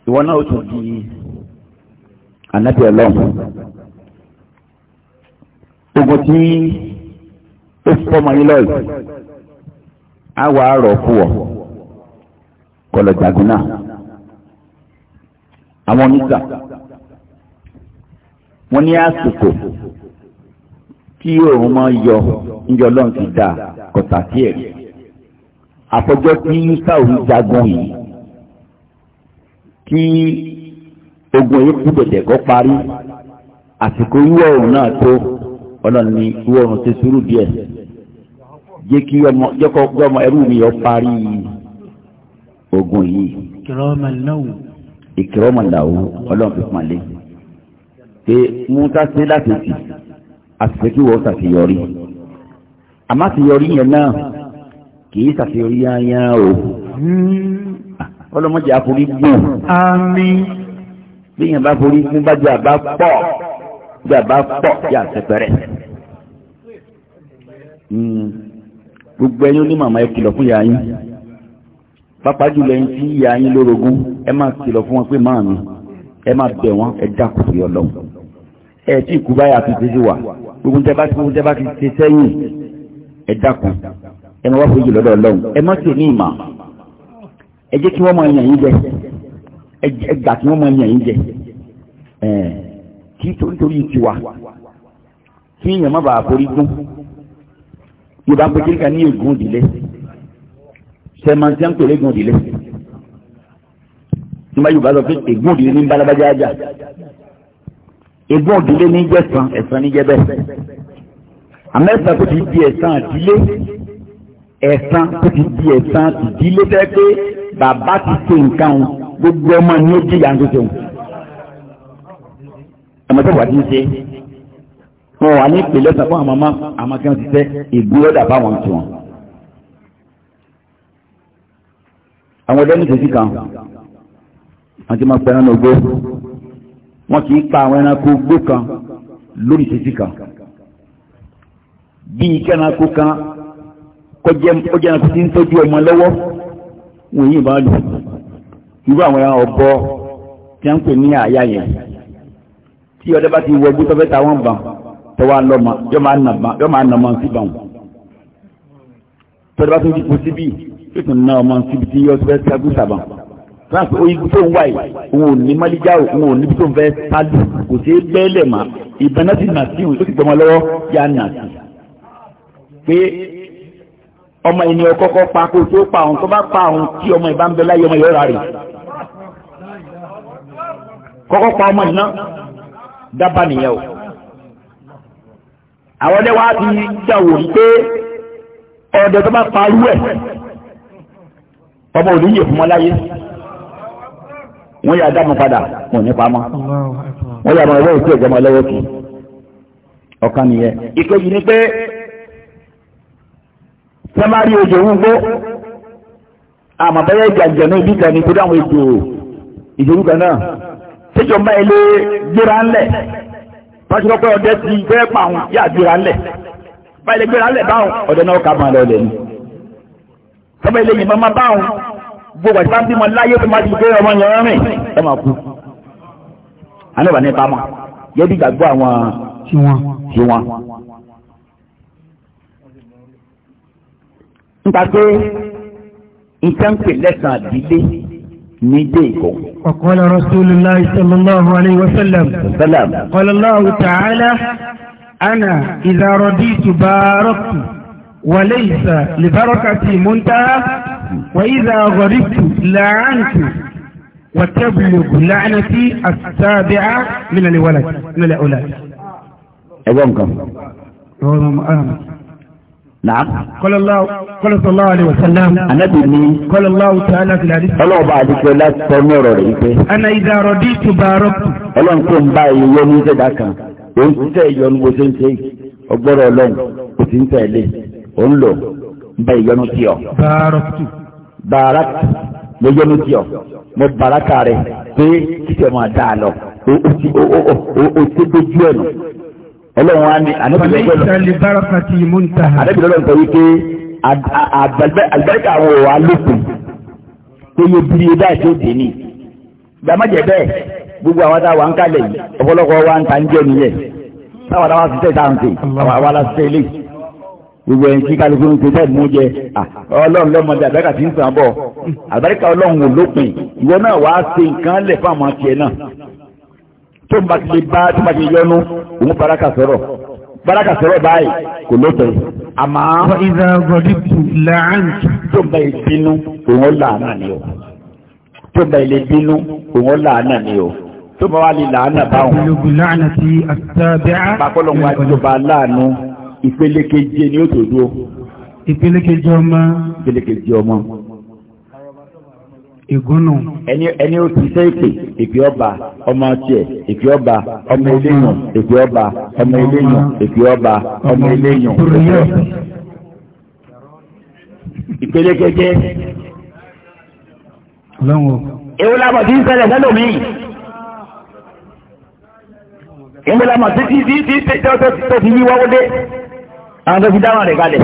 ìwọ náà ó tún di ànábì ọlọ́run ogun tí ó fọmọ yín lọ́yìn á wà á rọ̀ fún ọ kọlọ̀ àwọn onígbà wọn ní àsìkò tí òun máa yọ níjọ lọ́run ti dáa kọta sí ẹ̀ àfọjọ́ tí sáwùú jagun yìí kí ogun yìí kú tètè kó parí àsìkò ìwọ̀ oòrùn náà tó ọlọ́run ní ìwọ̀ oòrùn ti sùúrù díẹ̀ jẹ́ kí ọmọ jẹ́kọ̀ ọmọ ẹrú mi yọ parí ogun yìí. ìkìrọ́mọ̀ làwù ọlọ́run fi pàlẹ́ pé mú tá láti sì àsìkò ìwọ̀ oòrùn tàbí àmọ́ àṣeyọrí yẹn náà kì í ṣàṣeyọrí o ọlọ́mọdé àforí gùn àmín bí yẹn bá forí gùn bá jẹ́ àbá pọ̀ jẹ́ àbá pọ̀ yà sẹ́pẹ̀rẹ̀ hmm. gbogbo ẹyin oní màmá ẹ kìlọ̀ fún yàáyín pápá jùlọ ẹyin tí yàáyín lórogún ẹ máa kìlọ̀ fún wọn pé máa mi ẹ máa bẹ̀ wọ́n ẹ dákùn sí ọlọ́run ẹ tí ìkú báyà fi ṣe wa gbogbo ń tẹ́ bá ti ṣe sẹ́yìn ẹ dákun ẹ máa wá fojú lọ́dọ̀ ọlọ́run ẹ má sì ní ìmọ̀ ẹ jẹ́ kí wọ́n máa yàn yín jẹ ẹ gbà kí wọ́n máa yàn yín jẹ ẹ kí torítorí tiwa kí èèyàn má bàa forí gún yorùbá pé kíríkà ní ègún òdìlẹ sẹmantẹ ń pèrè ègún òdìlẹ nígbà yorùbá sọ pé ègún òdìlẹ ní balabajá ajá ègún òdìlẹ ní jẹsán ẹsán ní jẹbẹ àmẹ́sà tó ti di ẹ̀sán àdílé ẹ̀sán tó ti di ẹ̀sán àdílé fẹ́ pé bàbá ti ṣe nǹkan o gbogbo ọmọ ni ó jìyà ń tuntun ọmọ tó wà ní ṣe wọn wà ní ìpìlẹ̀ sàn fún àwọn ọmọ àwọn kan ti fẹ́ ìgbúrọ́dà báwọn ti wọn. àwọn ọdẹ ní ìṣesí kan wọn ti máa pẹ́ ẹran ògbó wọn kì í pa àwọn ẹranko gbó kan lórí ìṣesí kan bíi kẹ́nàkó kan kọjẹ́nàkó tí ń tọ́jú ọmọ lọ́wọ́ wọ́n yìí bá lò irú àwọn ẹran ọ̀bọ tí wọ́n ń pè ní àyà yẹn tí ọdẹ bá ti wọ ojú tọ́fẹ́ ta wọ́n bà tọ́wọ́ lọ́mọ yọ máa nà ọmọ sí bà wọ́n tọ́dẹ bá tún ti kú síbí yóò tún ná ọmọ síbi tí yọ tọ́fẹ́ sábú sàbà france oyigun tó ń wáyé òun ò ní málíjà òun ò níbi tó ń fẹ́ sálù kò sí bẹ́ẹ̀lẹ̀ mà ìbọn ti nà sí òun tó ti gbọmọ lọ́wọ́ yá nà sí i pé ọmọ ènìyàn kọ́kọ́ pa kó tó pa òun tó bá pa òun tí ọmọ ìbá ń bẹ láyé ọmọ ìyọ́ra rẹ̀ kọ́kọ́ pa ọmọ ìná dábà nìyẹn o àwọn ọdẹ wa ti dàwò pé ọdẹ tó bá pa irú ẹ̀ ọmọ òní yè fún wọn láyé wọ́n yà dáàmú padà wọn ní pamọ́ wọ́n yà máa wọ́n ètò ìjọba lọ́wọ́ kì ọ̀kan nìyẹn ìkejì ni pé sẹ́márì ojò wúgbó àmàbẹ́yẹ ìjàjẹ̀nú ibi ìjàní tó dáwọn ètò ìjòrúgbà náà tíjọ máa ilé gbéra ńlẹ̀ pàṣípàpọ̀ ọ̀dẹ́ ti fẹ́ pàwọn yà gbéra ńlẹ̀ báyìí lè gbéra ńlẹ̀ báwọn ọ̀dẹ́ náà ká máa lọlẹ̀ ni sọ́mọ ilé yìnbọn máa báwọn gbogbo àti sáńtì mọ láyé tó máa ti gbé ọmọ yẹn rìn ẹ máa kú àníbà nípa mọ yẹ bí gbàgbọ́ àwọn tiwọn tiwọn nípa pé nǹkan pè lẹ́sàn àdílé ní dé ìkó. وقال رسول الله صلى الله عليه وسلم قال الله تعالى أنا إذا رضيت باركت وليس لبركتي منتهى وإذا غربت لعنت وتبلغ لعنتي السابعة من الولد من الأولاد. أبوكم. Naam. Kọ́lọ́sọ̀láwà ni wàsálàm. Anábì ni. Kọ́lọ́láwà tí a láti láti. Ọlọ́ọ̀bá àdìpẹ́ láti sọ ní ọ̀rọ̀ rẹ̀ wípé. Ana ìdàrọ̀ dí tu bàárọ̀. Ọlọ́run kò ń bá iye ní ìṣẹ̀dá kan. Òun ti tẹ̀ yọ ní gbogbo ṣe ọgbọ́rọ̀ ọlọ́run kò sí ń tẹ̀lé. Òun lò ń bá ìyọnu tí ọ. Bàárọ̀ tù. Bàárọ̀ tù. Mo yọnu tí ọ. Mo bàrákà rẹ̀ pé kí ọlọ́run á ní àdébìlọ́lọ́ nǹkan wípé àgbẹ̀ríkà àwọn òwà lópin tó yẹ bí ebá ètò òdè ní. gbàmájẹ bẹ́ẹ̀ gbogbo àwọn táwa ń kalẹ̀ yìí ọ̀pọ̀lọpọ̀ wa ń ta ń jẹ́ nìyẹn táwa táwa ti tẹ̀ tá à ń tè àwa la tẹ̀ lé gbogbo ẹni tí kálukú ń tẹ̀ mú jẹ ọlọ́run lọ́mọdé àgbẹ̀ríkà ti ń sàn bọ̀ àgbẹ̀ríkà ọlọ́run wò ìwọ náà wàá ṣe nǹkan lẹ̀ fún àwọn tiẹ̀ náà tó ń bá ti lè bá tó bá ti lè yọnu òun baraka sọ̀rọ̀ baraka sọ̀rọ̀ báyìí kò lóòótọ́ yìí àmọ́. wọ́n ìdá gọ́dí tù láàǹtì. tó ń bá yìí bínú òun làánà ni o tó ń bá yìí lè bínú òun làánà ni o tó bá wà lè làánà báwọn. olùgbò làánà ti àtàbíà. bàkọ́lọ̀ wa jọba láàánú ìpele keje ni ó tó dúró. ìpele keje ọmọ. ìpele keje ọmọ ìgúnnù. ẹni ó ti sẹ́ẹ̀kì ìpè ọba ọmọ tiẹ̀ ìpè ọba ọmọ eléyàn ìpè ọba ọmọ eléyàn ìpè ọba ọmọ eléyàn. ìpele kẹjẹ. ewu la mọ̀ tí ń ṣẹlẹ̀ sẹ́lómi. ewu la mọ̀ tí tí tí tí tó ti yí wọ́wọ́dé. àwọn tó fi dáhùn rẹ̀ kalẹ̀.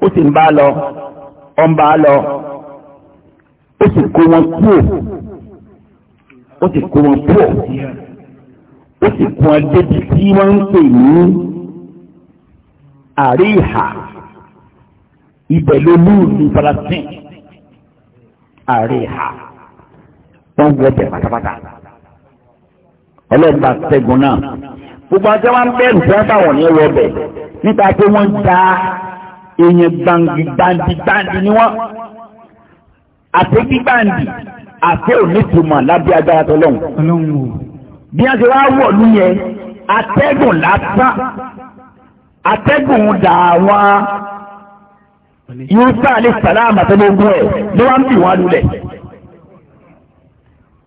ó sì ń bá lọ ọ ń bá lọ ó sì kó wọn kúò ó sì kó wọn kúò ó sì kó wọn débi tí wọ́n ń pè ní àríhà ibẹ̀ ló lùlù Palestine àríhà wọ́n wọ bẹ̀ pátápátá ọlọ́ọ̀bá ṣẹ́gun náà gbogbo àti bẹ́ẹ̀ nìkan táwọn ní bẹ̀ níta pé wọ́n dá èèyàn gbàǹdì gbàǹdì gbàǹdì ni wọ́n àti gbígbàǹdì àti onítùmọ̀ lábẹ́ agbára tọ́lọ́hún. bí wọ́n ti wá wọ̀ lú yẹn atẹ́gùn lásán atẹ́gùn dà wọ́n Yusa alẹ́ sàlámà tó lógún ẹ̀ ló wá ń bì wọ́n lulẹ̀.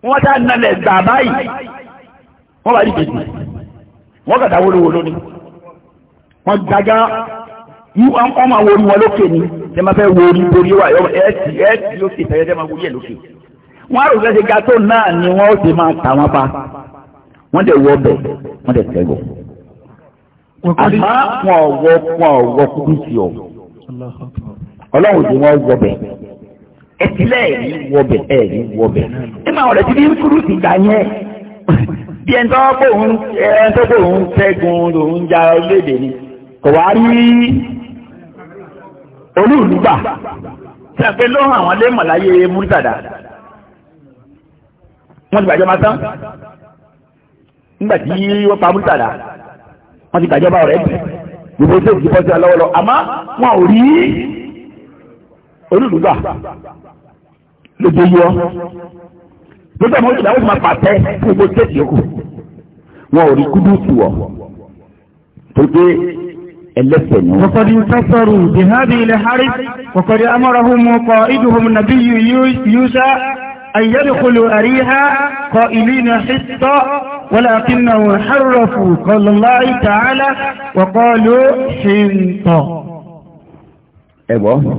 wọ́n tá nalẹ̀ gbà báyìí wọ́n bá dìde jù wọ́n kàtà wọlé wọlé ni wọ́n gbàgán wọ́n máa worí wọn lókè ni ṣe máa fẹ́ worí borí wa ẹ̀ẹ́tì ẹ̀ẹ́tì lókè tẹ̀yẹ́ tẹ́ máa worí ẹ̀ lókè wọ́n á rò fẹ́ ṣe ga tó náà ni wọ́n ó ṣe máa tà wọ́n pa wọ́n dẹ̀ wọ ọbẹ̀ wọ́n dẹ̀ tẹ́gọ̀ àmọ́ wọn ò wọ wọn ò wọ kúkú sí ọ ọlọ́run sì wọ́n wọ bẹ̀ ẹtìlẹ̀ ẹ̀rí wọ bẹ̀ ẹ̀rí wọ bẹ̀ ẹ máa wọ̀rẹ̀ tí bí kúrú ti gbà yẹn bí ẹni tó gbóhùn ẹni tó gbóhùn fẹ́ gun lòún já léde ni kò wá rí olúùlúgbà tí a pé ló hàn àwọn lé mọ̀láyé múrítàdá wọ́n ti gbàjọba tán nígbà tí wọ́n pa múrítàdá wọ́n ti gbàjọba ọ̀rẹ́ bì gbogbo o ti bọ́ sí ọ lọ́wọ́lọ́ àmọ́ wọn ò rí olúùlúgbà lójú yọ lójú àwọn olùdáwọ́ ti máa pàtẹ fún gbogbo tó ti yókù wọn ò rí kúdùtù ọ̀ tó gbé ẹlẹ́sẹ̀ ni wọ́n. Wọ́kọ̀dí kọ́sọ̀rù bí hábi ilẹ̀ harí, wọ́kọ̀dí amọ́rahun mọ́ kọ ìdùhùn nàbí Yúsá, ayyẹ́dùkúlù àríhá kọ ìlú na ṣíṣọ́, wọ́láàkínàwò harrafu kọlọ̀láì tààlá wọ́kọ̀lù ṣíntọ̀. Ẹgbọ́, wọ́n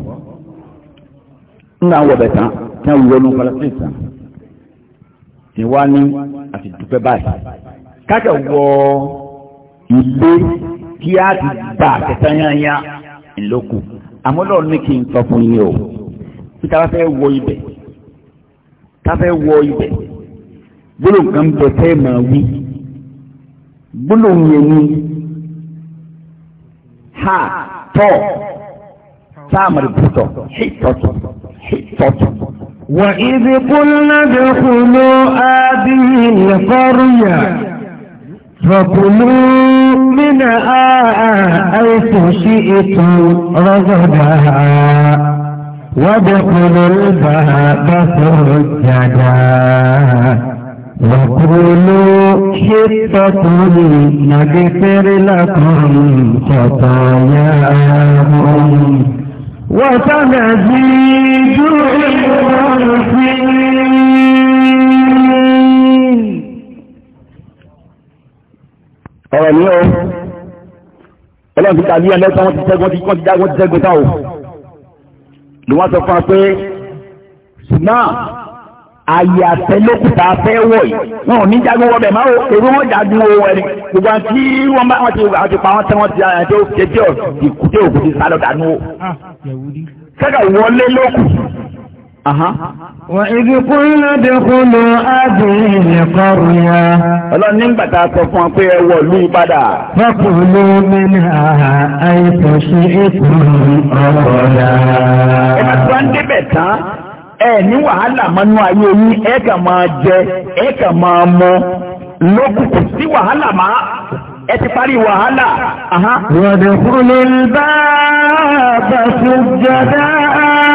wọnú Palestine tán, kí á ti gbà kẹta yányá ńlọ́kù àmọ́ lọ́run ní kí n sọ fún yín o kí ká fẹ́ wọ ibẹ̀ ká fẹ́ wọ ibẹ̀ gbólóhùn kan bẹ fẹ́ máa wí gbólóhùn yẹn ni ha tọ́ táàmùrì bùtọ̀ hìtọ́tù hìtọ́tù. وإذ قلنا ادخلوا هذه القرية فكلوا منها حيث شئت رغدا وادخلوا الباب سجدا وقولوا حطة نغفر لكم خطاياكم وسنزيد المحسنين ọ̀rọ̀ ní o ọlọ́run ti ta ní ẹlẹ́sẹ̀ wọ́n ti sẹ́gun ti kọ́ńtì jágun ti sẹ́gun táwọn ni wọ́n sọ fún wa pé ṣùgbọ́n àyè àtẹlókùtà fẹ́ wọ̀ yìí wọn ò ní jagun wọbẹ̀ máa wo èrò wọn jagun wo ẹni gbogbo àti wọn bá wọn ti wọn ti pa wọn tẹ wọn ti àyàn tó kéde òkú ti sálọ dànù o kẹ́kẹ́ wọlé lókù. وَإِذْ قُلْنَا ادْخُلُوا هَٰذِهِ الْقَرْيَةَ Ọlọ́run nígbà tá a sọ fún ọ pé ẹ wọ̀ lú padà. فَكُلُوا مِنْهَا حَيْثُ شِئْتُمْ رَغَدًا. Ẹ bá tí ń débẹ̀ tán, ẹ ní wàhálà mọ́nú ayé yín, ẹ kàn máa jẹ, ẹ kàn máa lókùnkùn sí wàhálà máa ẹ ti parí wàhálà. bá a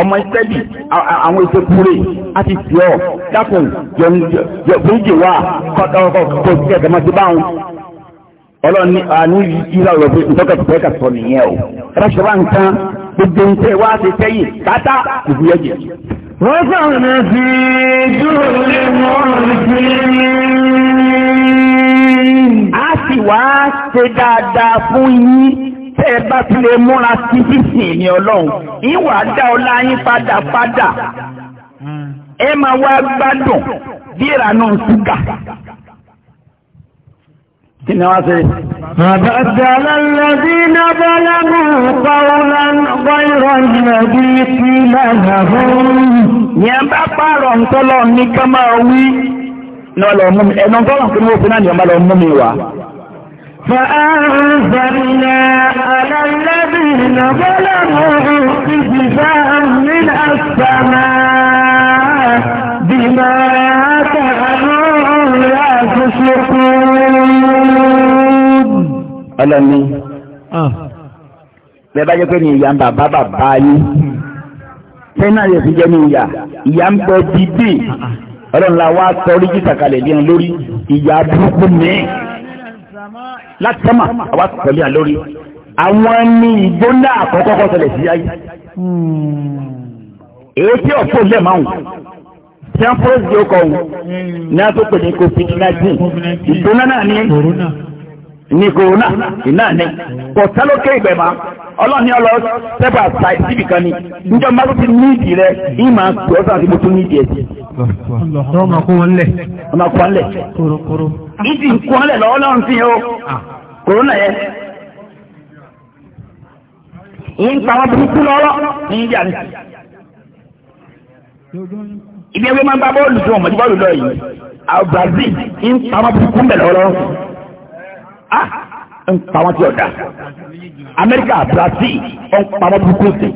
ọmọ ìsẹ́bì àwọn ìsekúre àti tiọ́ dákun jọ̀bíjì wà kọ́tọ́kọ́ sí ẹ̀dẹ̀ máa ti bá wọn. ọlọ́ni àní ìlà ọ̀rọ̀ pé ìtọ́kẹ̀ tó fẹ́ẹ́ kà sọ nìyẹn o. ẹ bá ṣe wá nǹkan gbogbo ń tẹ́ wá ṣe sẹ́yìn kátá kò fi yẹ́jẹ̀. wọ́n sọ̀rọ̀ sí dúró lé wọ́n sí a sì wá ṣe dáadáa fún yín tẹ́ ẹ bá ti lè múra sí sísìn ní ọlọ́run ìwà dá ọlá yín padà padà ẹ máa wá gbádùn bí ìrànà ṣúgà. Kí ni wá ṣe? فبدل الذين ظلموا قولا غير الذي قيل لهم yẹn bá pààrọ̀ ǹtọ́lọ̀ ní ká máa wí ní ọlọ́mú mi ẹ̀nà ǹtọ́lọ̀ kí ni ó fi náà ní ọmọ ọlọ́mú mi wá فأنزلنا على الذين ظلموا قذفا من السماء بما كانوا يفسقون ọlọ́ni ah. bẹ́ẹ̀ bá jẹ́ pé ní ìyá ń bàbá bàbá yín tẹ́nà yóò fi jẹ́ ní ìyá ìyá ń bẹ dídì ọlọ́run la wá sọ orí jìtàkalẹ̀ lé lórí ìyá burúkú mi láti sọ́mà àwa pẹ̀lú àlórí àwọn ní ìgbóná àkọ́kọ́ kọ́ ṣẹlẹ̀ sí ayé hmm. èyí tí ọ̀pọ̀ lẹ̀ máa ń tí wọ́n fọ́ọ̀sì ọkọ̀ òun ní a tó pè ní covid-19 ìgbóná náà ní ní iná ni kò sálókè ìgbẹ̀mà ọlọ́ni ọlọ́ sẹ́gbà sáì síbì kan ni níjọ́ máa tó ti níìdì rẹ̀ ìmà pẹ̀ ọ́sàn àti mọ́tún níìdì ẹ̀ sí. ọmọ kó wọn lẹ̀. ọmọ kó wọn ìdí kó wọn o ah. ìyẹn ń pa ibi ẹgbẹ́ máa ń bá bọ́ọ̀lù tó bọ́ọ̀lù lọ Brazil ń pa ah ń pa wọn tí ọ̀dà Amẹ́ríkà Brazil ó ń pa wọn burúkú sí.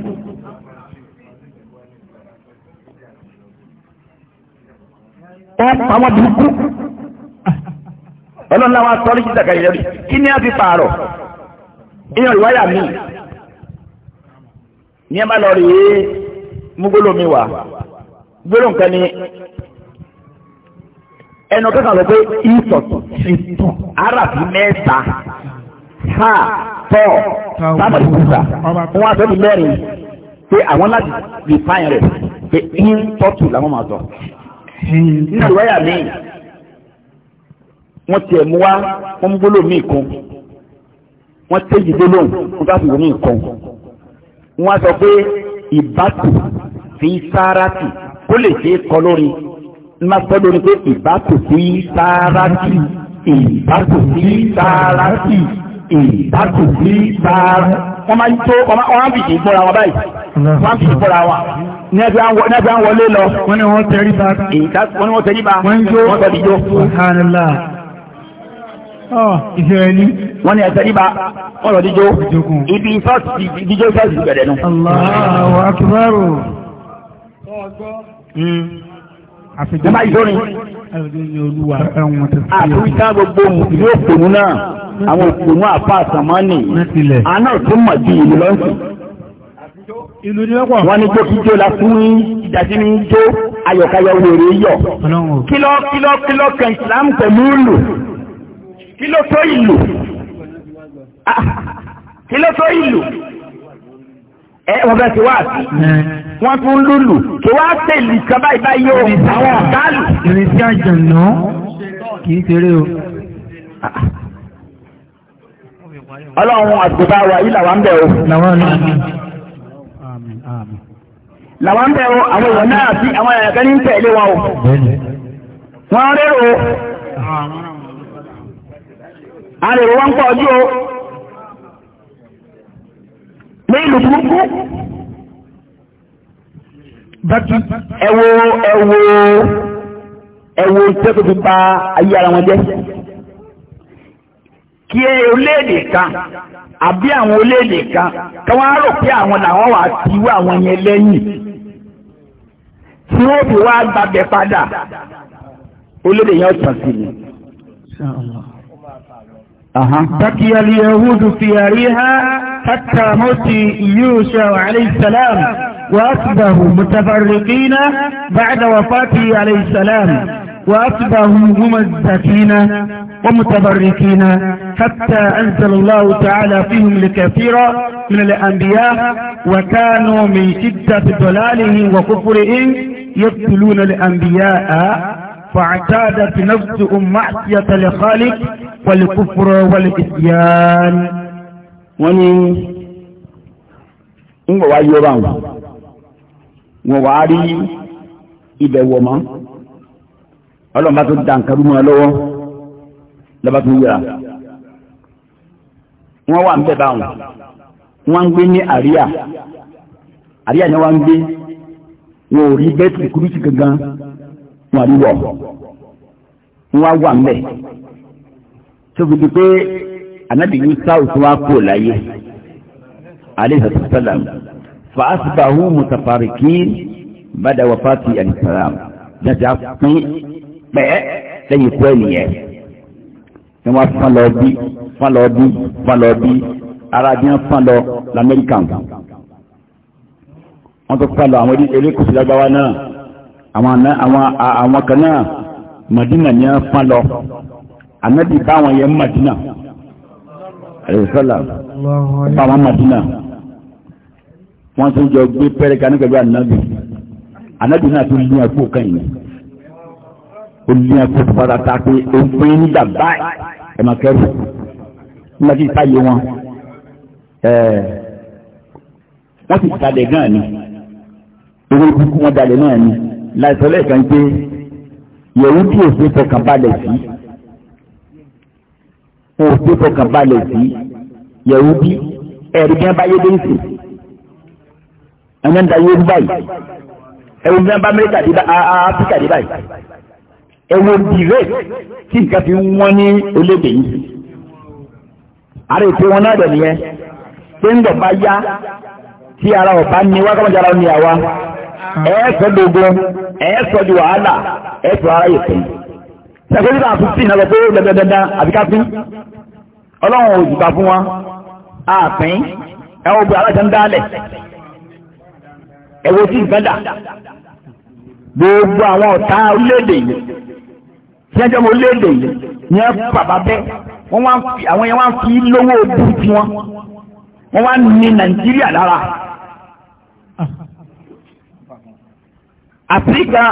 ó ń pa wọn burúkú ọlọ́nà wa sọ́ọ́lì jíjà kan yẹrí kí ni a fi pààrọ̀ ìyẹn ìwáyà mi ní ẹ bá lọ rèé mú gbólómi wá gbólóǹkan ni ẹnu kẹta lọ pé ìsọ̀tún ìtún arábí mẹ́ta ha tọ́ tábàdì kúta wọn àtọ́ di mẹ́rin pé àwọn láti lè fáyìn rẹ̀ pé ń tọ́tù làwọn máa sọ. nínú ìwáyà mi wọ́n tiẹ̀ mú wá wọ́n mú gbólóhùn mí kan wọ́n tẹ́jì gbólóhùn wọ́n bá fi wọ́n mí kan wọ́n sọ pé ìbátù fi sáárátì kó lè ṣe é kọ lórí má gbọ́dọ̀ ní pé ìbákò sí sáárátì ìbákò sí sáárátì ìbákò sí sáárá wọ́n máa ń tó wọ́n á bìjì fúnra wọn báyìí wọ́n á bìjì fúnra wọn ní ẹgbẹ́ àwọn wọlé lọ. wọ́n ní wọ́n tẹrí ba. wọ́n ní wọ́n tẹrí ba. wọ́n ń jó wọ́n tẹ̀lé jó. wàhálà ìṣẹ̀lẹ̀ wọ́n ní ẹ̀sẹ̀ níbà wọ́n lọ díjó ibi sọ́ọ̀tì díjó sọ́ọ̀tì bẹ̀rẹ̀ nù. Allahu akbar àfijọ́ ní ìdórin àfijọ́ gbogbo ìlú òpònú náà àwọn òpònú àpá àtàmánì àná tó mọ̀ bí ìlú lọ́sìn. ìlú ni wọ́n wọ́n ní jókíjó la fún ìdájí ní jó ayọ̀kayọ̀ wèrè yọ̀ kílọ̀ kílọ̀ kílọ̀ kẹ̀ǹtìlámù pẹ̀lú ìlú kílọ̀ tó ìlú ah, kílọ̀ tó ìlú ẹ wọ́n bẹ́ẹ̀ ti wá sí wọ́n tún lùlù kí wọ́n á tẹ̀lé kan báyìí báyìí o àwọn ọ̀gá lù. ìrètí àjànà kì í ṣeré o. ọlọ́run àtìgbà wa yìí làwọn ń bẹ̀ o. làwọn ń làwọn ń bẹ̀ o àwọn èèyàn náà àti àwọn èèyàn kan ní ń tẹ̀lé wọn o. wọ́n rérò o. àrèrò wọn pọ̀ ojú o. ní ìlú burúkú. bákì ẹwo ẹwo ẹwo iṣẹ́ tó fi ayé ara wọn jẹ́ kí orílẹ̀-èdè kan àbí àwọn kan kí wọ́n pé àwọn làwọn wà á ti wá àwọn yẹn lẹ́yìn tí wọ́n fi wá gbàgbẹ́ padà orílẹ̀ yẹn ó tàn sí ni. بقي اليهود في أريها حتى موت يوسف عليه وأصبحوا متفرقين بعد وفاته عليه السلام وأصبحوا ممزقين ومتبركين حتى أنزل الله تعالى فيهم لكثير من الأنبياء وكانوا من شدة ضلالهم وكفرهم يقتلون الأنبياء فاعتادت نفسهم معصية لخالق والكفر والإسيان ومن wọn wàá rí ibẹ̀ wọ̀ mọ́ ọlọ́mọba tó da nǹkan rúmọ́ lọ́wọ́ lọ́ba tó yẹra wọ́n wà ń báwọn wọ́n ń gbé ní àríyá àríyá ni wọ́n ń gbé wọn ò rí bẹ́ẹ̀ tìkúrúsì gangan wọn àrí wọ̀ wọn wá wà ń tó fi di pé anabi sáwùsí wa kú ò láyé aleyhi sallam. فأصبحوا متفارقين بعد وفاة السلام نجاب في بيع سيكويني كما فلو بي فلو بي فلو بي أرادين فلو الأمريكان wọ́n tó pàlọ̀ àwọn erékùsù lágbàwá náà àwọn kan náà Madina ní wọ́n pàlọ̀ anábì bá àwọn yẹn Madina àrẹ̀sọ́là bá àwọn Madina wọ́n tún jọ gbé pẹ́rẹ́ kaní pẹ̀lú ànábì ànábì náà tún lé ẹ̀kọ́ kẹ́yìn ó lé ẹ̀kọ́ fara ta pé ó ń pín nígbà báyìí ẹ̀ máa kẹ́rù nígbà tí ìtayé wọn wọ́n ti dalẹ̀ gan ni owó kúkú wọn dalẹ̀ náà ni láìsọ lẹ́ẹ̀kan pé yẹ̀wù tí òfin fọkàn balẹ̀ sí òfin fọkàn balẹ̀ sí yẹ̀wù bí ẹ̀rí bí wọ́n bá yé dé ń ẹ̀yẹ́ ń da yóò báyìí ẹ̀wọ̀n bí wọ́n bá Amẹ́ríkà dé báyìí Áfíríkà dé báyìí ẹ̀wọ̀n dìrẹ́ tí nǹkan fi wọ́n ní olédè yìí àrẹ ètò wọn náà dẹ̀ nìyẹn pé ń dọ̀bá yá tí ara ọ̀bá ní wákàtí ara ní àwa ẹ̀ẹ́sọ̀ gbogbo ẹ̀ẹ́sọ̀ di wàhálà ẹ̀ẹ́sọ̀ ara yẹ̀ fún ṣàkóso náà fún sínú ọgbẹ́ dandandandan àbíkápín ọlọ́run òjìká fún wọn àpín ẹ̀wọ̀n bí aláṣẹ ń dálẹ̀ ẹ wo sí nǹkan dà gbogbo àwọn ọ̀tá orílẹ̀-èdè yìí tí wọ́n jẹ́ ọmọ orílẹ̀-èdè yìí ni wọ́n pàbá bẹ́ wọ́n wá àwọn yẹn wá fi lówó bú tí wọ́n wọ́n wá ní Nàìjíríà lára. Àfíríkà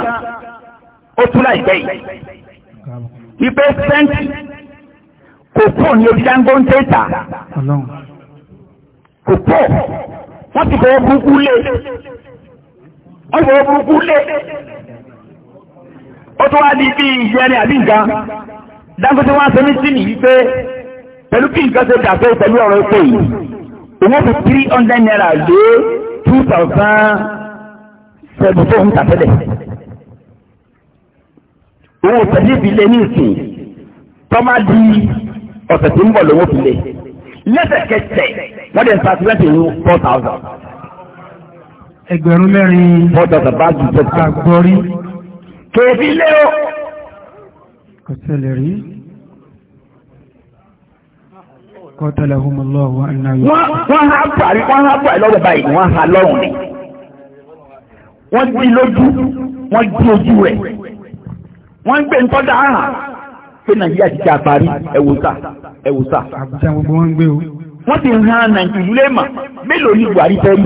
ó tún láìpẹ́ yìí wípé sẹ́ńtì kò pọ̀ ní ojú Dangote tà kò pọ̀ wọ́n ti fọwọ́ kúkú lé ọgbọ̀ burúkú lé ó tó wá di bí ìyẹrin àbí nǹkan Dangote wá sọ ní sínú yìí pé pẹ̀lú kí nǹkan ṣe dàgbé pẹ̀lú ọ̀rọ̀ epo yìí òun fi three hundred naira lé two thousand seven tó ń tàbílẹ̀ òun ò tẹ̀lé ìbílé ní ìsìn tọ́má di ọ̀sẹ̀ tí ń bọ̀ lówó fi lé lẹ́sẹ̀kẹsẹ̀ wọ́n dẹ̀ ń sa twenty four thousand ẹgbẹ̀rún mẹ́rin àgbọ̀rí. kèfí lé o. kò tẹ̀lé rí. kò tẹ̀lé fún mi lọ́wọ́ àná yóò. wọ́n há pàrí wọ́n há pàrí lọ́wọ́ báyìí wọ́n há lọ́rùn ni. wọ́n di lójú wọ́n di ojú rẹ̀. wọ́n gbé ń tọ́jà hàn pé nàìjíríà ti ti àparí ẹ̀wùsà ẹ̀wùsà. àbújá gbogbo ń hàn nàìjíríà lé mà buhari fẹ́ rí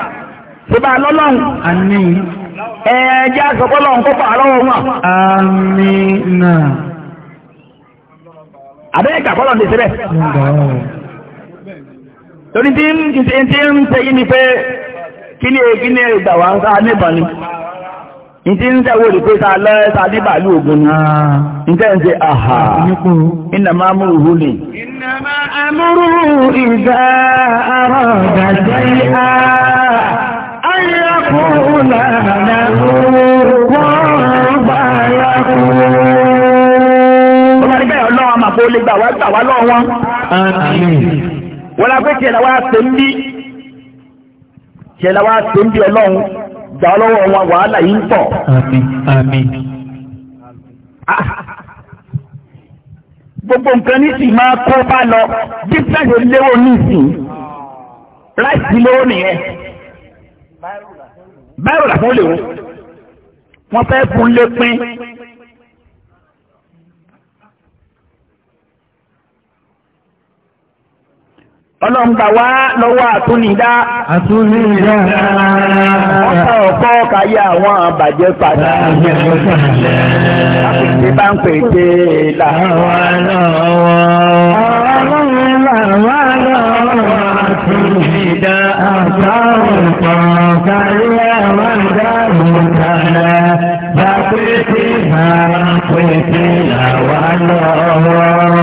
tó bá lọ́lọ́run àmín ẹ̀ẹ́jẹ́ àsọpọ́lọ́run kó pààrọ̀ wọn àmín náà àbẹ́ẹ̀kà kọ́lọ̀ lè síbẹ̀ torí tí ń tẹ́yí ni pé kí ní èkí ní ìgbà wà ń ni ní tí ń tẹ́wò rí pé ní ogun ni ní tẹ́ ń àhà iná máa mú ìhú ni iná máa mú ìgbà يكون له وما يكون ọlọ́run àmà kó lè gbà wá gbà wá lọ́wọ́ wọn. wọ́n la pé tiẹ̀ làwọn àṣẹ ń bí tiẹ̀ làwọn àṣẹ ń bí ọlọ́run gbà lọ́wọ́ wọn wàhálà yìí ń pọ̀. gbogbo nǹkan ní sì máa kó bá lọ bísíǹsì léwó ní ìsìn láìsí lówó nìyẹn báyọ̀ làfún lè wo wọ́n fẹ́ fún lé pín ọlọ́mgbà wá lọ́wọ́ àtúnidá àtúnidá ọ̀pọ̀ ọ̀pọ̀ káyé àwọn àbàjẹ́ padà àpèké bá ń pèké làwọn lọ́wọ́ ọlọ́run làwọn lọ́wọ́ àtúnidá àtàwọn ọ̀pọ̀ káyé Ramadan kana eh. bá pèsè máa pèsè àwa lọ́wọ́.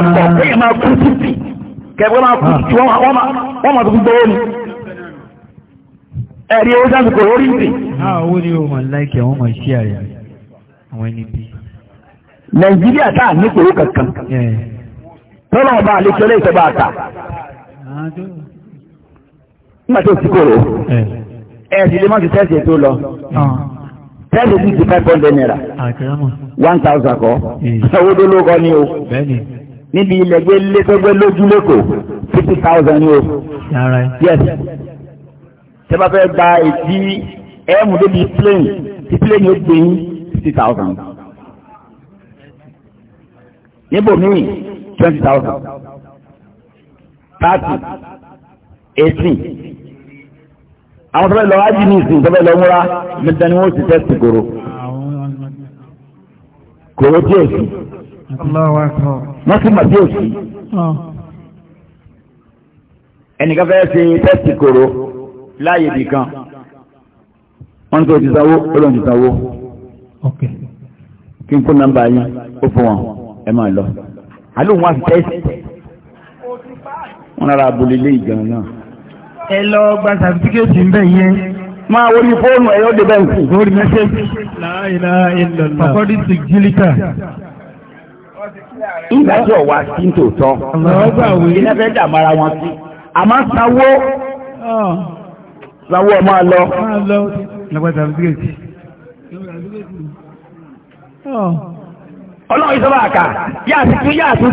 Ọ̀pẹ́ yẹn máa kú títì, kẹ̀kẹ́ máa kú títì, wọ́n máa tó gbogbo ó ní. Ẹ̀rí owó sáà kò lórí ìsìn. Náà owó ni O máa láìkẹ̀ wọ́n máa ṣí àyà àwọn ẹni bí. Nàìjíríà táà ní kòró kankan. Tọ́lọ̀ ọba àlejò ilé ìjọba àtà. Ah, nígbà tó ti kòrò ẹ̀sì lè má ti tẹ́sì tó lọ tẹ́sì ah. ti ti five hundred naira one thousand kọ́ eh. owó tó ló kọ́ ni o níbi ilẹ̀ gbé lẹ́gbẹ́ lójú lẹ́kọ̀ọ́ fifty thousand ni o yes tẹ́ bá fẹ́ gba ètí ẹ̀mú débi plane ti plane yóò gbé fifty thousand níbo míì twenty thousand thirty eighteen àwọn tó fẹ́ lọ ájì ní ìsìn tó fẹ́ lọ múra mẹ́ta ni wọ́n ti tẹ́sì kòrò kòrò tí ò sí wọ́n sì mà tí ò sí ah. ẹnìkan fẹ́ ṣe tẹ́sì kòrò láàyè nìkan wọ́n ní kò ti sanwó ó lóun ti sanwó kí n kó nọ́mbà yín ó fún wọn ẹ máa lọ àlóhùn wá sí tẹ́sì wọ́n rárá abúlé ilé ìjẹun náà. ẹ lọ gba sàfitíkẹ́tì ń bẹ̀ yẹn máa wọ́n ní fóònù ẹ̀yọ́ débẹ̀ nǹkan lórí mẹ́sẹ̀jì. ọ̀kọ́dí ti jílíkà. ìgbà tí ọ̀wá sí tòótọ́ iná fẹ́ dà mara wọn sí àmọ́ sanwó ah. sanwó ọmọ lọ. Ah. ọlọ́run ìsọ́bà àkà yáà tún yáà tún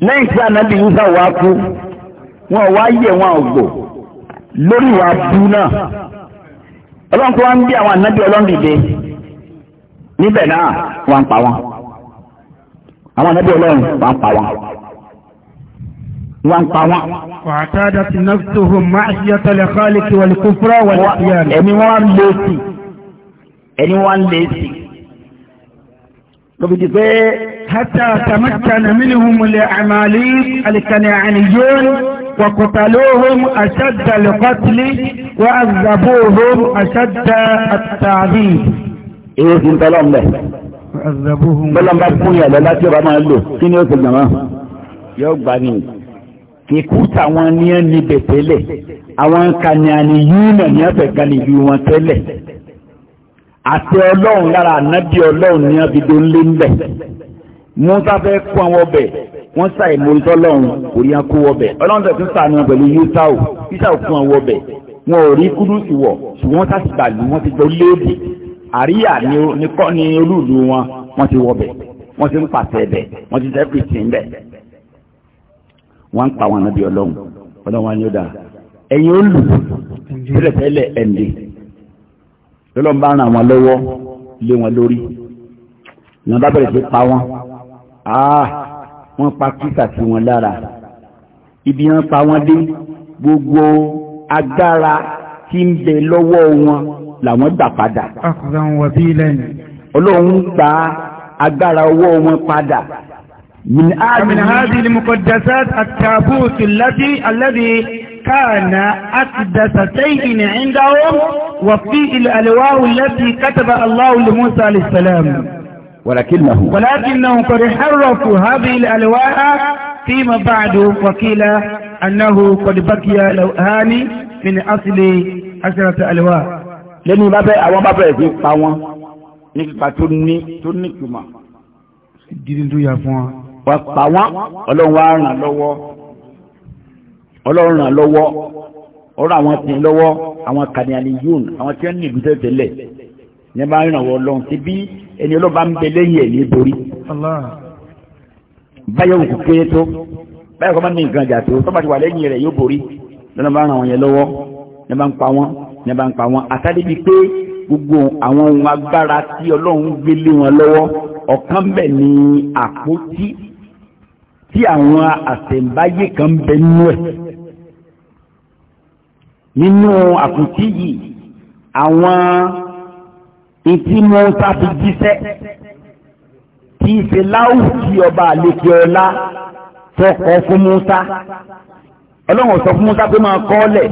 lẹ́yìn tí ànábì Ìsá wá kú wọn wá yẹ̀ wọn ògbò lórí ìwà bú náà ọlọ́run tó wá ń bí àwọn ànábì ọlọ́run dìde níbẹ̀ náà wọ́n ń pa wọn àwọn ànábì ọlọ́run wọ́n ń pa wọn wọ́n pa wọn. wàtádà tí náà tó hùn máa ṣe ọtọlẹ káàlì kí wọlé kún fúra wọlé ìyá rẹ. ẹni wọn lé sí ẹni wọn lé sí lóbi pé. حتى تمكن منهم العماليق الكنعانيون وقتلوهم أشد القتل وعذبوهم أشد التعذيب إيه كنت لهم ده وعذبوهم بلهم بابكون يا للاتي رمان له كين يوصل جماعة يوباني kìkúta wọn ní ẹni bẹ̀ tẹ́lẹ̀ àwọn kàníàní yìí nà ní ẹ̀fẹ̀ kàníàní wọn tẹ́lẹ̀ àti ọlọ́run lára ànábì ọlọ́run ní ẹbí tó ń musa fẹ́ kó àwọn ọbẹ̀ wọ́n sa ìmòrítọ́ lọ́run kò rí akó ọbẹ̀ ọlọ́run tẹ̀ tún sàánú pẹ̀lú yusau yusau fún àwọn ọbẹ̀ wọn ò rí kúdùsì wọ̀ ṣùgbọ́n tá ti gbàlú wọ́n ti jọ léèdì àríyá ní kọ́ ní olúùlú wọn wọ́n ti wọ̀ bẹ̀ wọ́n ti ń pàṣẹ ẹ̀bẹ̀ wọ́n ti tẹ́ pìtì ń bẹ̀. wọ́n ń pa àwọn ànábì ọlọ́run ọlọ́run wa ni ó dáa ẹ̀yin ó lù tẹ́lẹ̀tẹ́lẹ̀ ẹ̀ǹdè lọ́lọ́ Ah, wọ́n pa kíkà sí wọn lára ibi wọn pa wọn dé gbogbo agbára tí ń bẹ lọ́wọ́ wọn làwọn gbà padà. ọlọ́run gba agbára ọwọ́ wọn padà. من هذه المقدسات التابوت الذي الذي كان أقدس شيء عندهم وفيه الألواح التي كتب الله لموسى عليه السلام ولكنه ولكنه قد حرفوا هذه الألواء فيما بعد وقيل أنه قد بقي لوهان من أصل عشرة ألواء lẹ́ni bá bẹ́ àwọn bá bẹ̀rẹ̀ sí pa wọn ní pípa tó ní tó ní ìtumọ̀. dídí tó yà fún wa. wà pa wọn ọlọ́run wa ràn lọ́wọ́ ọlọ́run ràn lọ́wọ́ ọ̀rọ̀ àwọn tì lọ́wọ́ àwọn kàdíyàní yún àwọn tí wọ́n ní ìlú tẹ́lẹ̀ yẹn bá rìn àwọn ọlọ́run ti bí ẹni ọlọ́ba ń bẹ lẹ́yìn ẹ̀ ní borí. báyọ̀ òkú kéré tó báyọ̀ kọ́ bá ní nǹkan ìjà tó tọ́ba ti wà lẹ́yìn rẹ̀ yóò borí lọ́nà bá ràn wọ́n yẹn lọ́wọ́ ní bá ń pa wọ́n ní bá ń pa wọ́n àtàdé bíi pé gbogbo àwọn ohun agbára tí ọlọ́run gbé lé wọn lọ́wọ́ ọ̀kan bẹ̀ ní àpótí tí àwọn àtẹ̀mbáyé kan bẹ nínú ẹ̀ nínú àpótí yìí àwọn ìtí Mùsá fi jíṣẹ́ kì í ṣe láwùjì ọba àlekè ọlá tọkọ fún Mùsá ọlọ́run sọ fún Mùsá pé máa kọ́ ọ́lẹ̀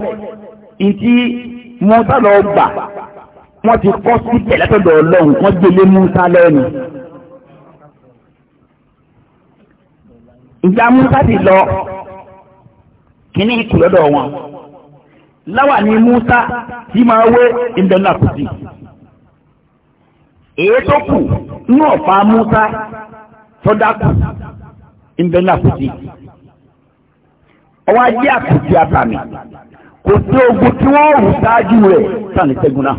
ìtí Mùsá lọ gbà wọ́n ti kọ́ síbẹ̀ látọ̀dọ̀ ọlọ́run wọ́n gbélé Mùsá lẹ́nu. ìjà Mùsá ti lọ kíní ìkùlọ́dọ̀ wọn láwa ni Mùsá tí máa wé ìdánilàkùtì èyí tó kù ní ọ̀pá Musa tọ́dákù ìbẹ̀ ní àkùtì ọwọ́ ajé àkùtì àbàmì kò sí ogun tí wọ́n rù sáájú rẹ̀ sani ṣẹ́gun náà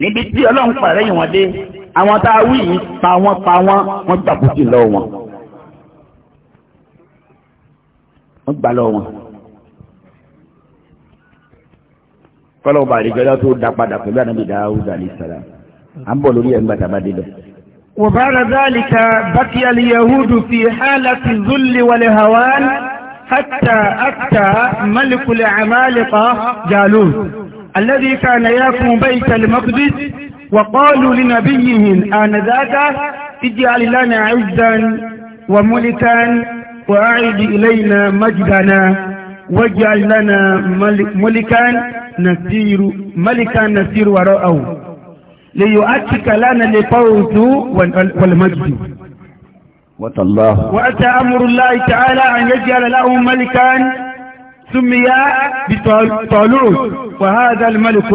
níbi tí ọlọ́run pàrẹ́ yìí wọ́n dé àwọn tá a wí yìí pa wọ́n pa wọ́n wọ́n gbàkùtì lọ́wọ́ wọn wọ́n gbà lọ́wọ́ wọn. kọ́lọ́ ọba àdìgbẹ́lá tó dá padà pẹ̀lú ànábì Dáúdà alayhi salam à ń bọ̀ lórí ẹ̀ ńgbà tàbá délẹ̀. وبعد ذلك بقي اليهود في حالة الذل والهوان حتى أتى ملك العمالقة جالوت الذي كان يقوم بيت المقدس وقالوا لنبيهم آنذاك اجعل لنا عزا وملكا وأعد إلينا مجدنا واجعل لنا ملكا نسير ملكا نسير وراءه ليؤتك لنا الفوز والمجد وتالله وأتى أمر الله تعالى أن يجعل له ملكا سمي بطالوت وهذا الملك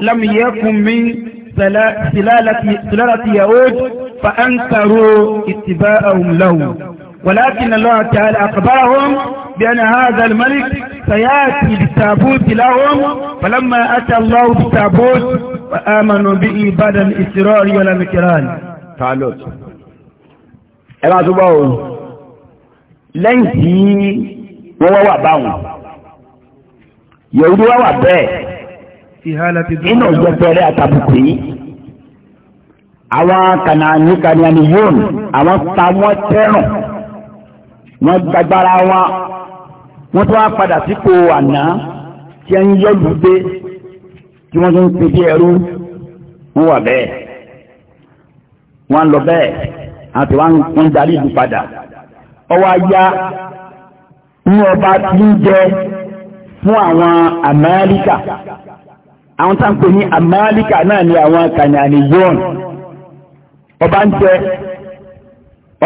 لم يكن من سلالة, سلالة يهود فأنكروا اتباعهم له ولكن الله تعالى أخبرهم بأن هذا الملك سيأتي بالتابوت لهم فلما أتى الله بالتابوت وآمنوا به بعد الإسرار والانكران تعالوا ẹ̀rọ àtúbọ̀ o lẹ́yìn tí wọ́n wá wà báwọn yòówù wá wà bẹ́ẹ̀ nínú ìjẹpẹrẹ àtàbùkù yìí àwọn kànáàní kànáàní yóò àwọn táwọn tẹ́rùn wọ́n gbàgbára wọn wọ́n tó wá padà sípò àná tí ń yọ́lù gbé tí wọ́n tún pe bí ẹrú wọ́n wà bẹ́ẹ̀ wọ́n lọ bẹ́ẹ̀ àti wọ́n darí ìlú padà ọwọ́ ajá ní ọba tí ń jẹ fún àwọn Amẹ́ríkà àwọn tá ń pè ní Amẹ́ríkà náà ni àwọn kànáàní yóòn ọba ń jẹ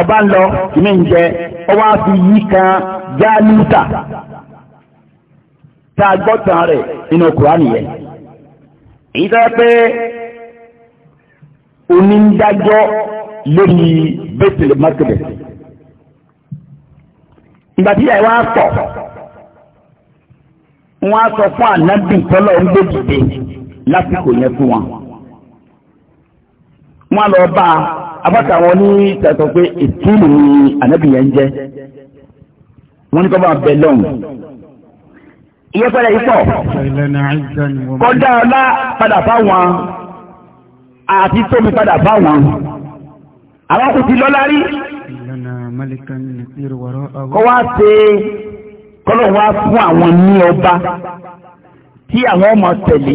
ọba ń lọ kìíní ń jẹ ọwọ́ á fi yí kan. jálúta tá a gbọ́ tán rẹ̀ nínú kùránì yẹn èyí tó yẹ pé onídàájọ́ lórí bẹ́tẹ̀lẹ̀ mọ́tẹ̀lẹ̀ ìgbà tí yàrá wa tọ̀ wọ́n á sọ fún ànábì tọ́lọ̀ ń gbé dìde lásìkò yẹn fún wọn lọ bá ní wọ́n ní kọ́ bá bẹ̀ lọ́hùn. ìyẹ́pẹ̀lẹ̀ yìí pọ̀ kọ́dá ọlá padà fáwọn àti tómi padà fáwọn àwọn kò ti lọ́lá rí. kọ́ wá ṣe kọ́lọ̀ wá fún àwọn ní ọba tí àwọn ọmọ tẹ̀lé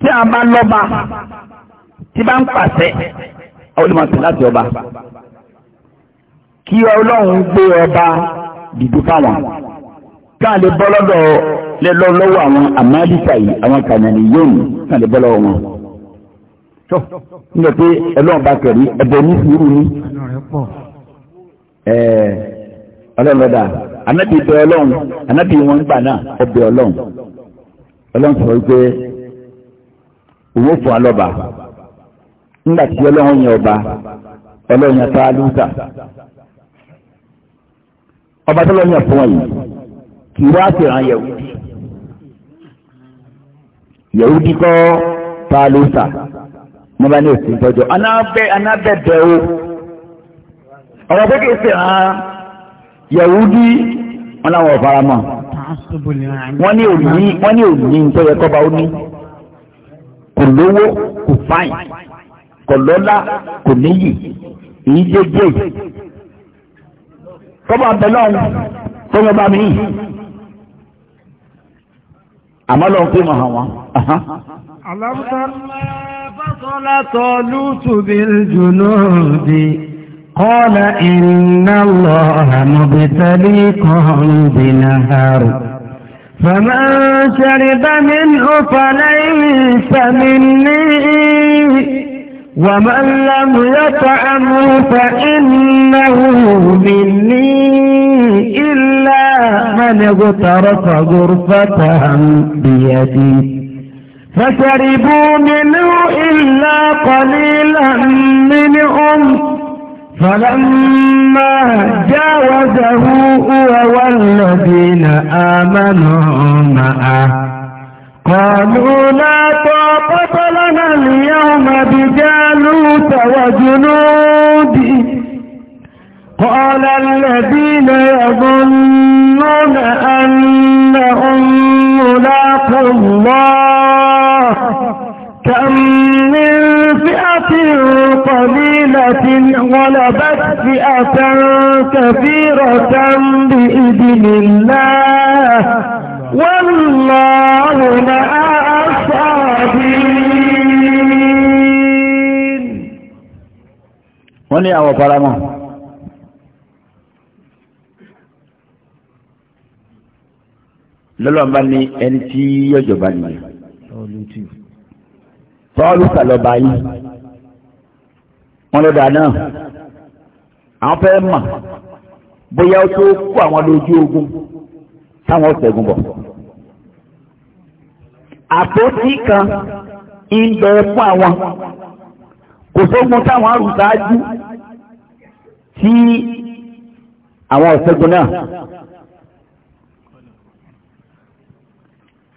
tí a bá lọ́ba tí bá ń pàṣẹ ọlọ́mọ tẹ̀lé láti ọba. kí ọlọ́run gbé ọba dìbò fáwọn káà lè bọ́ lọ́dọ̀ lẹ́lọ́ lọ́wọ́ àwọn àmàlìkà yìí àwọn kànáàlì yóò mú káà lè bọ́ lọ́wọ́ wọn. tó pé ọlọ́run bá kẹ̀rí ẹ̀bẹ̀ ní sùúrù ni ọlọ́run lọ́dà anábì bẹ ọlọ́run anábì wọn gbà náà ọba ọlọ́run tá a ọba tó lọ́yìn fún wọn yìí kì í wá síran yẹ̀wùdí yẹ̀wùdí kọ́ ta ló sà mo bá ní òsì tọ́jú anábẹ́bẹ́ o ọ̀rọ̀ pé kì í síran yẹ̀wùdí wọn làwọn ò mọ́ wọ́n ní òní wọ́n ní òní tó yẹ kọ́ba ó ní kò lówó kò fáìn kò lọ́lá kò níyì èyí jẹ́jẹ́ yìí kọ́bọ̀ abẹ́lọ́n tó yọba mi yìí àmọ́ lọ́n pé mọ̀ hàn wọ́n. alámúta bàtọ́lá tọ́ lùtù bí jùlọ di kọ́lá iná lọ àmọ́bìtẹ́lì kan bí nàhàrù. فمن شرب منه فليس مني ومن لم يطعم فإنه مني إلا من اغترف غرفة بيدي فشربوا منه إلا قليلا منهم فلما جاوزه هو والذين آمنوا معه قالوا لا طاقة لنا اليوم بجالوت وجنودي قال الذين يظنون أنهم ملاق الله كم من فئة قليلة غلبت فئة كثيرة بإذن الله والله مع الصابرين وني أبو فرما lọ́lọ́n bá ní ẹni tí yọjọ́ bá ní tọ́ọ̀lù kàlọ́ba yìí wọ́n lọ́dà náà àwọn fẹ́ mọ̀ bóyá ó tó kó àwọn lójú ogun táwọn ọ̀sẹ̀ bọ̀ àpótí kan ń bẹ fún àwọn kò sógun táwọn arùsáájú tí àwọn ọ̀sẹ̀gun náà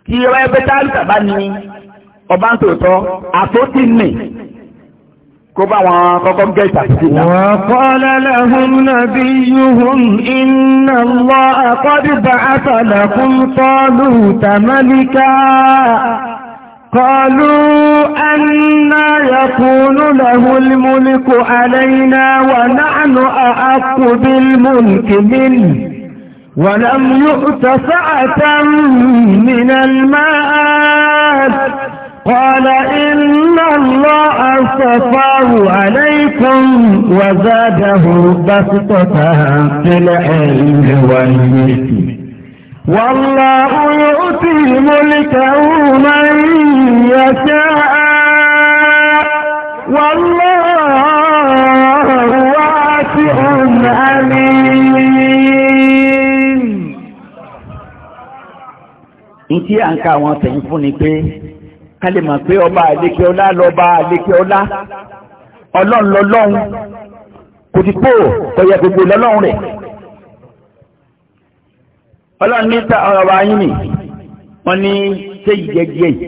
kí ọ̀rẹ́ bẹ́tà àlùkàbá ni ọba ń tòótọ́ àpótí nì. وقال لهم نبيهم إن الله قد بعث لكم طالوت ملكا قالوا أنا يكون له الملك علينا ونحن أعق بالملك منه ولم يؤت سعة من المال قال إن الله اصطفاه عَلَيْكُمْ وَزَادَهُ بَسْطَةً في العلم والمثل والله يؤتي ملكه من يشاء والله واسع عليم. Ntí à ń ka kálí mà pé ọba àlékè ọlá lọ́ba àlékè ọlá ọlọ́run lọ́lọ́run kò ti pò kọ̀yẹ gbogbo lọ́lọ́run rẹ̀ ọlọ́run ní ta ọ̀rọ̀ wa yín ni wọ́n ní séyìí jẹ́jẹ́ yìí.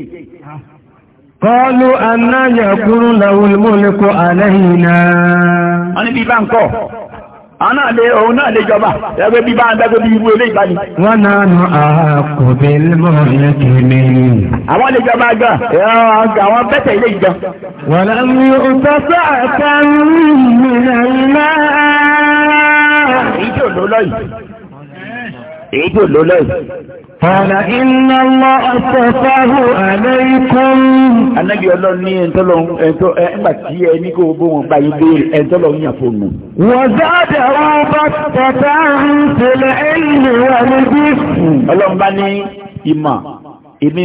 kọ́lù anáyà kúrú làwọn olùmọ̀lẹ́kọ̀ọ́ àlẹ́ yìí náà. wọ́n ní bí bá ń kọ́ àná lè òun náà lè jọba ẹgbẹ́ bí bá ń dágbé bí irú ilé ìbáni. wọ́n náà nù àkùnbẹ̀ lọ́rẹ̀ kìíní. àwọn lè jọba gbà àwọn bẹ́tẹ̀ ilé ìjọ. wọ́n lọ mú òtọ́sọ́ àtàrùn-ún náà. èyí tí ò lọ Ọ̀nà iná lọ ọ̀pọ̀fáhù àlẹ́ikún. Anábì ọlọ́run ní ẹ̀ntọ́lọ ẹgbà tí ẹ ní kò bó wọn báyìí béèrè ẹ̀ntọ́lọ ń yàn fóònù. Wọ́n záàdà wọ́n bá tẹ̀tà ń tẹ̀lẹ̀ ẹ̀yìn wà níbí. Ọlọ́run bá ní ìmọ̀, èmi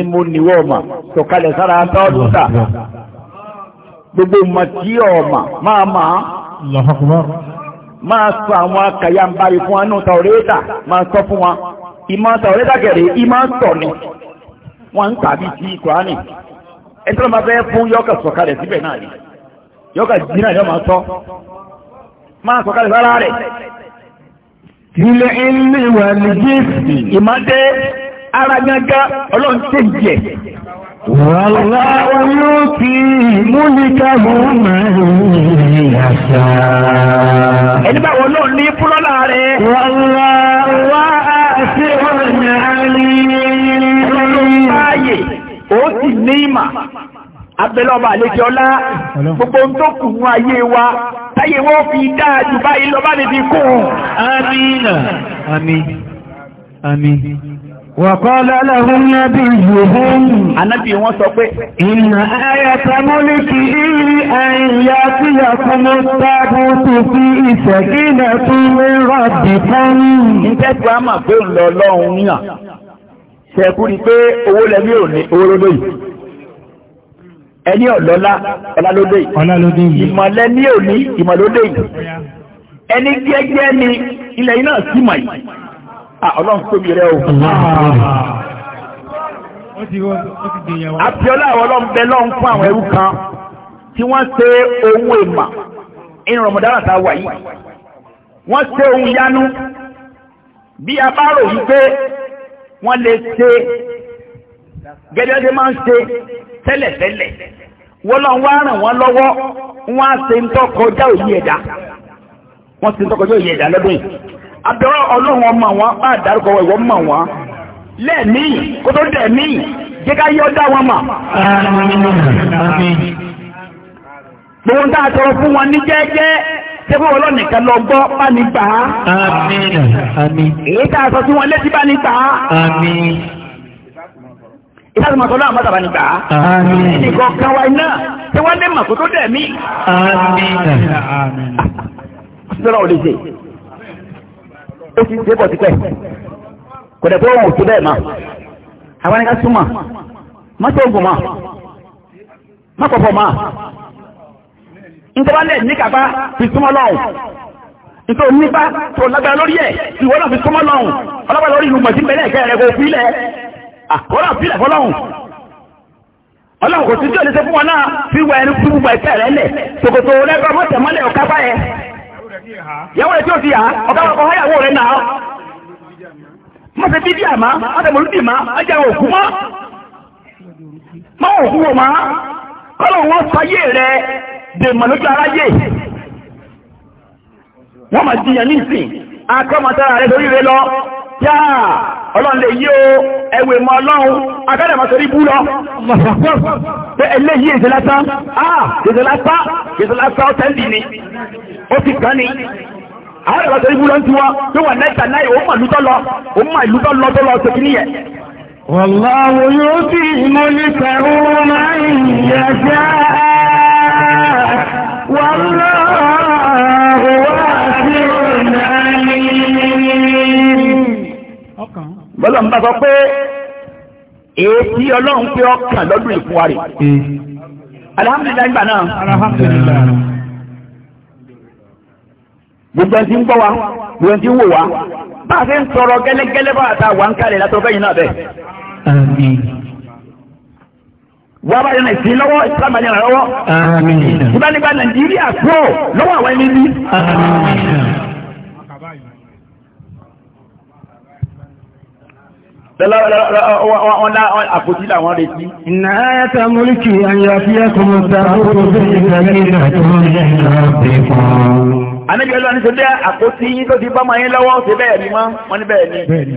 ìmọ̀ sàwọ́lẹ́ dàgẹ̀rẹ̀ ìmọ̀ sọ̀ ni wọ́n ń tàbí ti kùránì ẹni tó máa fẹ́ fún yọ́kà sọ̀kalẹ̀ síbẹ̀ náà rí yọ́kà jìnnà yọ́ máa sọ máa sọ̀kalẹ̀ sára rẹ̀. ilé ilé wà ní ìmọ̀dé ara ọlọ́run tẹ̀ jẹ́. wàlá mú ẹni báwo náà ní fúlọ́lá rẹ̀. wàlá. ó sì ní ìmọ̀ abẹ́lẹ́ ọba àlejò ọlá gbogbo ń tó kù fún ayé wa táyé wọ́n fi dáa jù báyìí lọ bá lè fi kún un. amina ami ami. Wàkọ́lá lẹ́hún nábì yìí. Anábì wọn sọ pé. Ìnà ayẹta múlìkì ìrì àìyá tí a fún mú tó fi ìṣẹ̀gínà tó ń rọ̀ dìkan. Ní tẹ́tù á mà pé ń lọ lọ́hùn tẹ̀kúri pé owó lẹ́mí ò ní owó lódò yìí ẹni ọ̀lọ́lá ọlálódé yìí ìmọ̀lẹ́ ní òní ìmọ̀lódé yìí ẹni jẹ́jẹ́ ni ilẹ̀ iná sí mọ̀ yìí ọlọ́run tóbi rẹ o. àfiọ́lá àwọn ọlọ́mbẹ lọ́n fún àwọn ẹrú kan tí wọ́n ṣe ohun èèmà inú rọmọdára tá a wà yìí wọ́n ṣe ohun yanu bí a bá rò wípé wọ́n lè ṣe gẹ́gẹ́ máa ń ṣe tẹ́lẹ̀tẹ́lẹ̀ wọ́n lọ wá ràn wọ́n lọ́wọ́ wọ́n á ṣe ń tọkọjá òye ẹ̀dá wọ́n ṣe ń tọkọjá ẹ̀dá lọ́dún yìí ọlọ́run ọmọ wọn á dárúkọ wọ mọ̀ wọn lẹ́ẹ̀mí kó tó dẹ̀mí jẹ́ ká yọ fún wọn ní Ṣébú wọn lọ́nìkan lọ gbọ́ bá ní gbà á. Àmín. Àmín. Èyí tá a sọ sí wọn létí bá ní gbà á. Àmín. Ìtàkùn màtọ́ náà mọ́ta bá ní gbà á. Àmín. Ẹnìkan kan wáyé náà ṣé wọ́n ní màkó tó dẹ̀ mí. Àmín. Àmín. Sọ́nà ò lè ṣe. Ó ti ṣe bọ̀ tipẹ́. Kò dẹ̀ pé òun tó bẹ́ẹ̀ máa. Àwọn ẹni ká súnmọ̀. Mọ́tò ògùn máa. Mọ́kọ̀ọ̀fọ̀ máa ìtọ́wálẹ̀ ní kàbá fi súnmọ́ lọ́hùn ìtò nípa tó lágbára lórí ẹ̀ ìwọ́n náà fi súnmọ́ lọ́hùn ọlọ́gbà lórí ìlú mọ̀tí pẹ̀lẹ́ ẹ̀kẹ́ rẹ̀ kò fílẹ̀ ah, àkọ́lá fílẹ̀ fọlọ́hùn ọlọ́run kò sí tí ò lè ṣe fún wọn náà fi wọ ẹni fún gbogbo ẹ̀kẹ́ rẹ̀ lẹ̀ tòkòtò rẹ́gbà mọ́tẹ̀ mọ́lẹ̀ ọ̀ká bá yẹ ìyàwó mọ́ dèmọ̀ lójú aráyé wọ́n máa jiyàn ní ìsìn akọ́mọ̀tara rẹ̀ lórí rẹ̀ lọ yá ọlọ́run lè yí o ẹ̀wẹ̀ mọ́ ọlọ́run akádàmọ́ sórí bú lọ pé eléyìí èdè lásán ah èdè lásán èdè lásán ọ̀tẹ́ndì ni ó ti kàn ní àwọn ìrọ̀lọ́ sórí bú lọ ń ti wọ́n tó wà nẹ́ta náà ó mà ìlú lọ ó mà ìlú lọ tó lọ ṣe kìíní yẹn. wàláwo yóò fi ìmọ̀lẹ́kẹ̀rún máa ń yẹ bọ́lá ń bá sọ pé èyí ọlọ́run pé ọkàn lọ́dún ìfún wa rè alihamudulilayi gbà náà gbogbo ẹni tí ń gbọ́ wa gbogbo ẹni tí ń wò wa bá a ṣe ń sọ̀rọ̀ gẹ́lẹ́gẹ́lẹ́ bá a ta wà ń látọ̀ fẹ́yìn náà bẹ́ẹ̀ wàá yẹn ti lọ́wọ́ ìsìlámù yẹn lọ́wọ́. ìbánigba nàìjíríà kúrò lọ́wọ́ àwọn ẹni bí. Ọlá àpótí làwọn retí. Ìnà ayẹta múlìkì àyàfi ẹkùnrin tààrùn tó bí ìgbàgbé náà tó ń jẹ́ ìrọ̀bẹ̀ kan. Anábí ọlọ́run ní sọ́dẹ́ àpótí yí tó ti bá máa yín lọ́wọ́ ṣe bẹ́ẹ̀ ni wọ́n ní bẹ́ẹ̀ ni.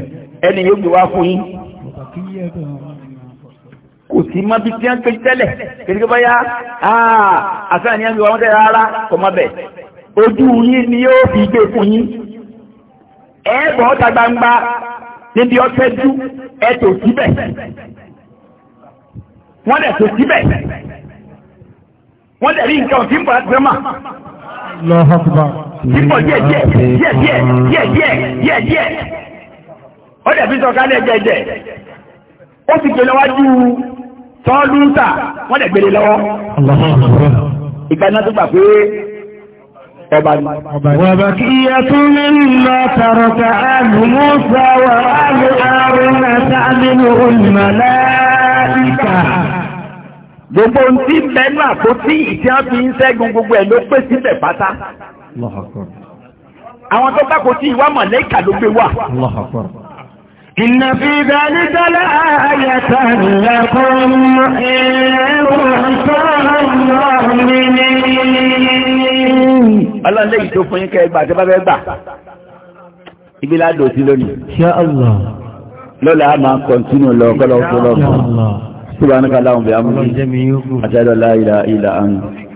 Ẹni yóò gbé wá fún yín kò sí mọ́ bí tí wọ́n pè tẹ́lẹ̀ kìrìkì báyá ah, àṣà ni wọ́n wọ́n tẹ́ rárá kò mọ́ bẹ̀ ojú yín ni yóò fi gbé fún yín ẹ̀ẹ́bọ̀ ọ̀tà gbangba níbi ọ̀tẹ́ jú ẹ̀ tò síbẹ̀ wọ́n dẹ̀ tò síbẹ̀ wọ́n dẹ̀ rí nǹkan tí ń bọ̀ láti rẹ́mà tí pọ̀ ó dẹ̀ fi sọ kálẹ̀ jẹ́jẹ́ ó sì gbé lọ́wájú tọ́lúta wọ́n dẹ̀ gbélé lọ́wọ́. Ìgbà náà tó gbà pé ọba ni. Wàbà kí a tún ní lọ tàrọ̀tà ààbò Mọ́sá wà áàbò ààrùn àtàmínú olùmọ̀láìkà. Gbogbo ń tí mẹ́nu àpótí ìtí á fi ń ṣẹ́gun gbogbo ẹ̀ ló pé síbẹ̀ pátá. Àwọn tó bá kò tí ìwà mọ̀lẹ́kà ló gbé wà. إن في ذلك لآية لكم إن Ọlọ́run léyìí tó fún yín kẹ́ ìgbà tó bá fẹ́ gbà. Ibi ládò sí lónìí. Ṣé Allah. Lọ́la a máa kọ̀ntínú lọ kọ́lọ̀ fún lọ́fún. Ṣé Allah. Ṣé Allah. Ṣé Allah. Ṣé Allah. Ṣé Allah. Ṣé Allah. Ṣé Allah. Ṣé Allah. Ṣé Allah.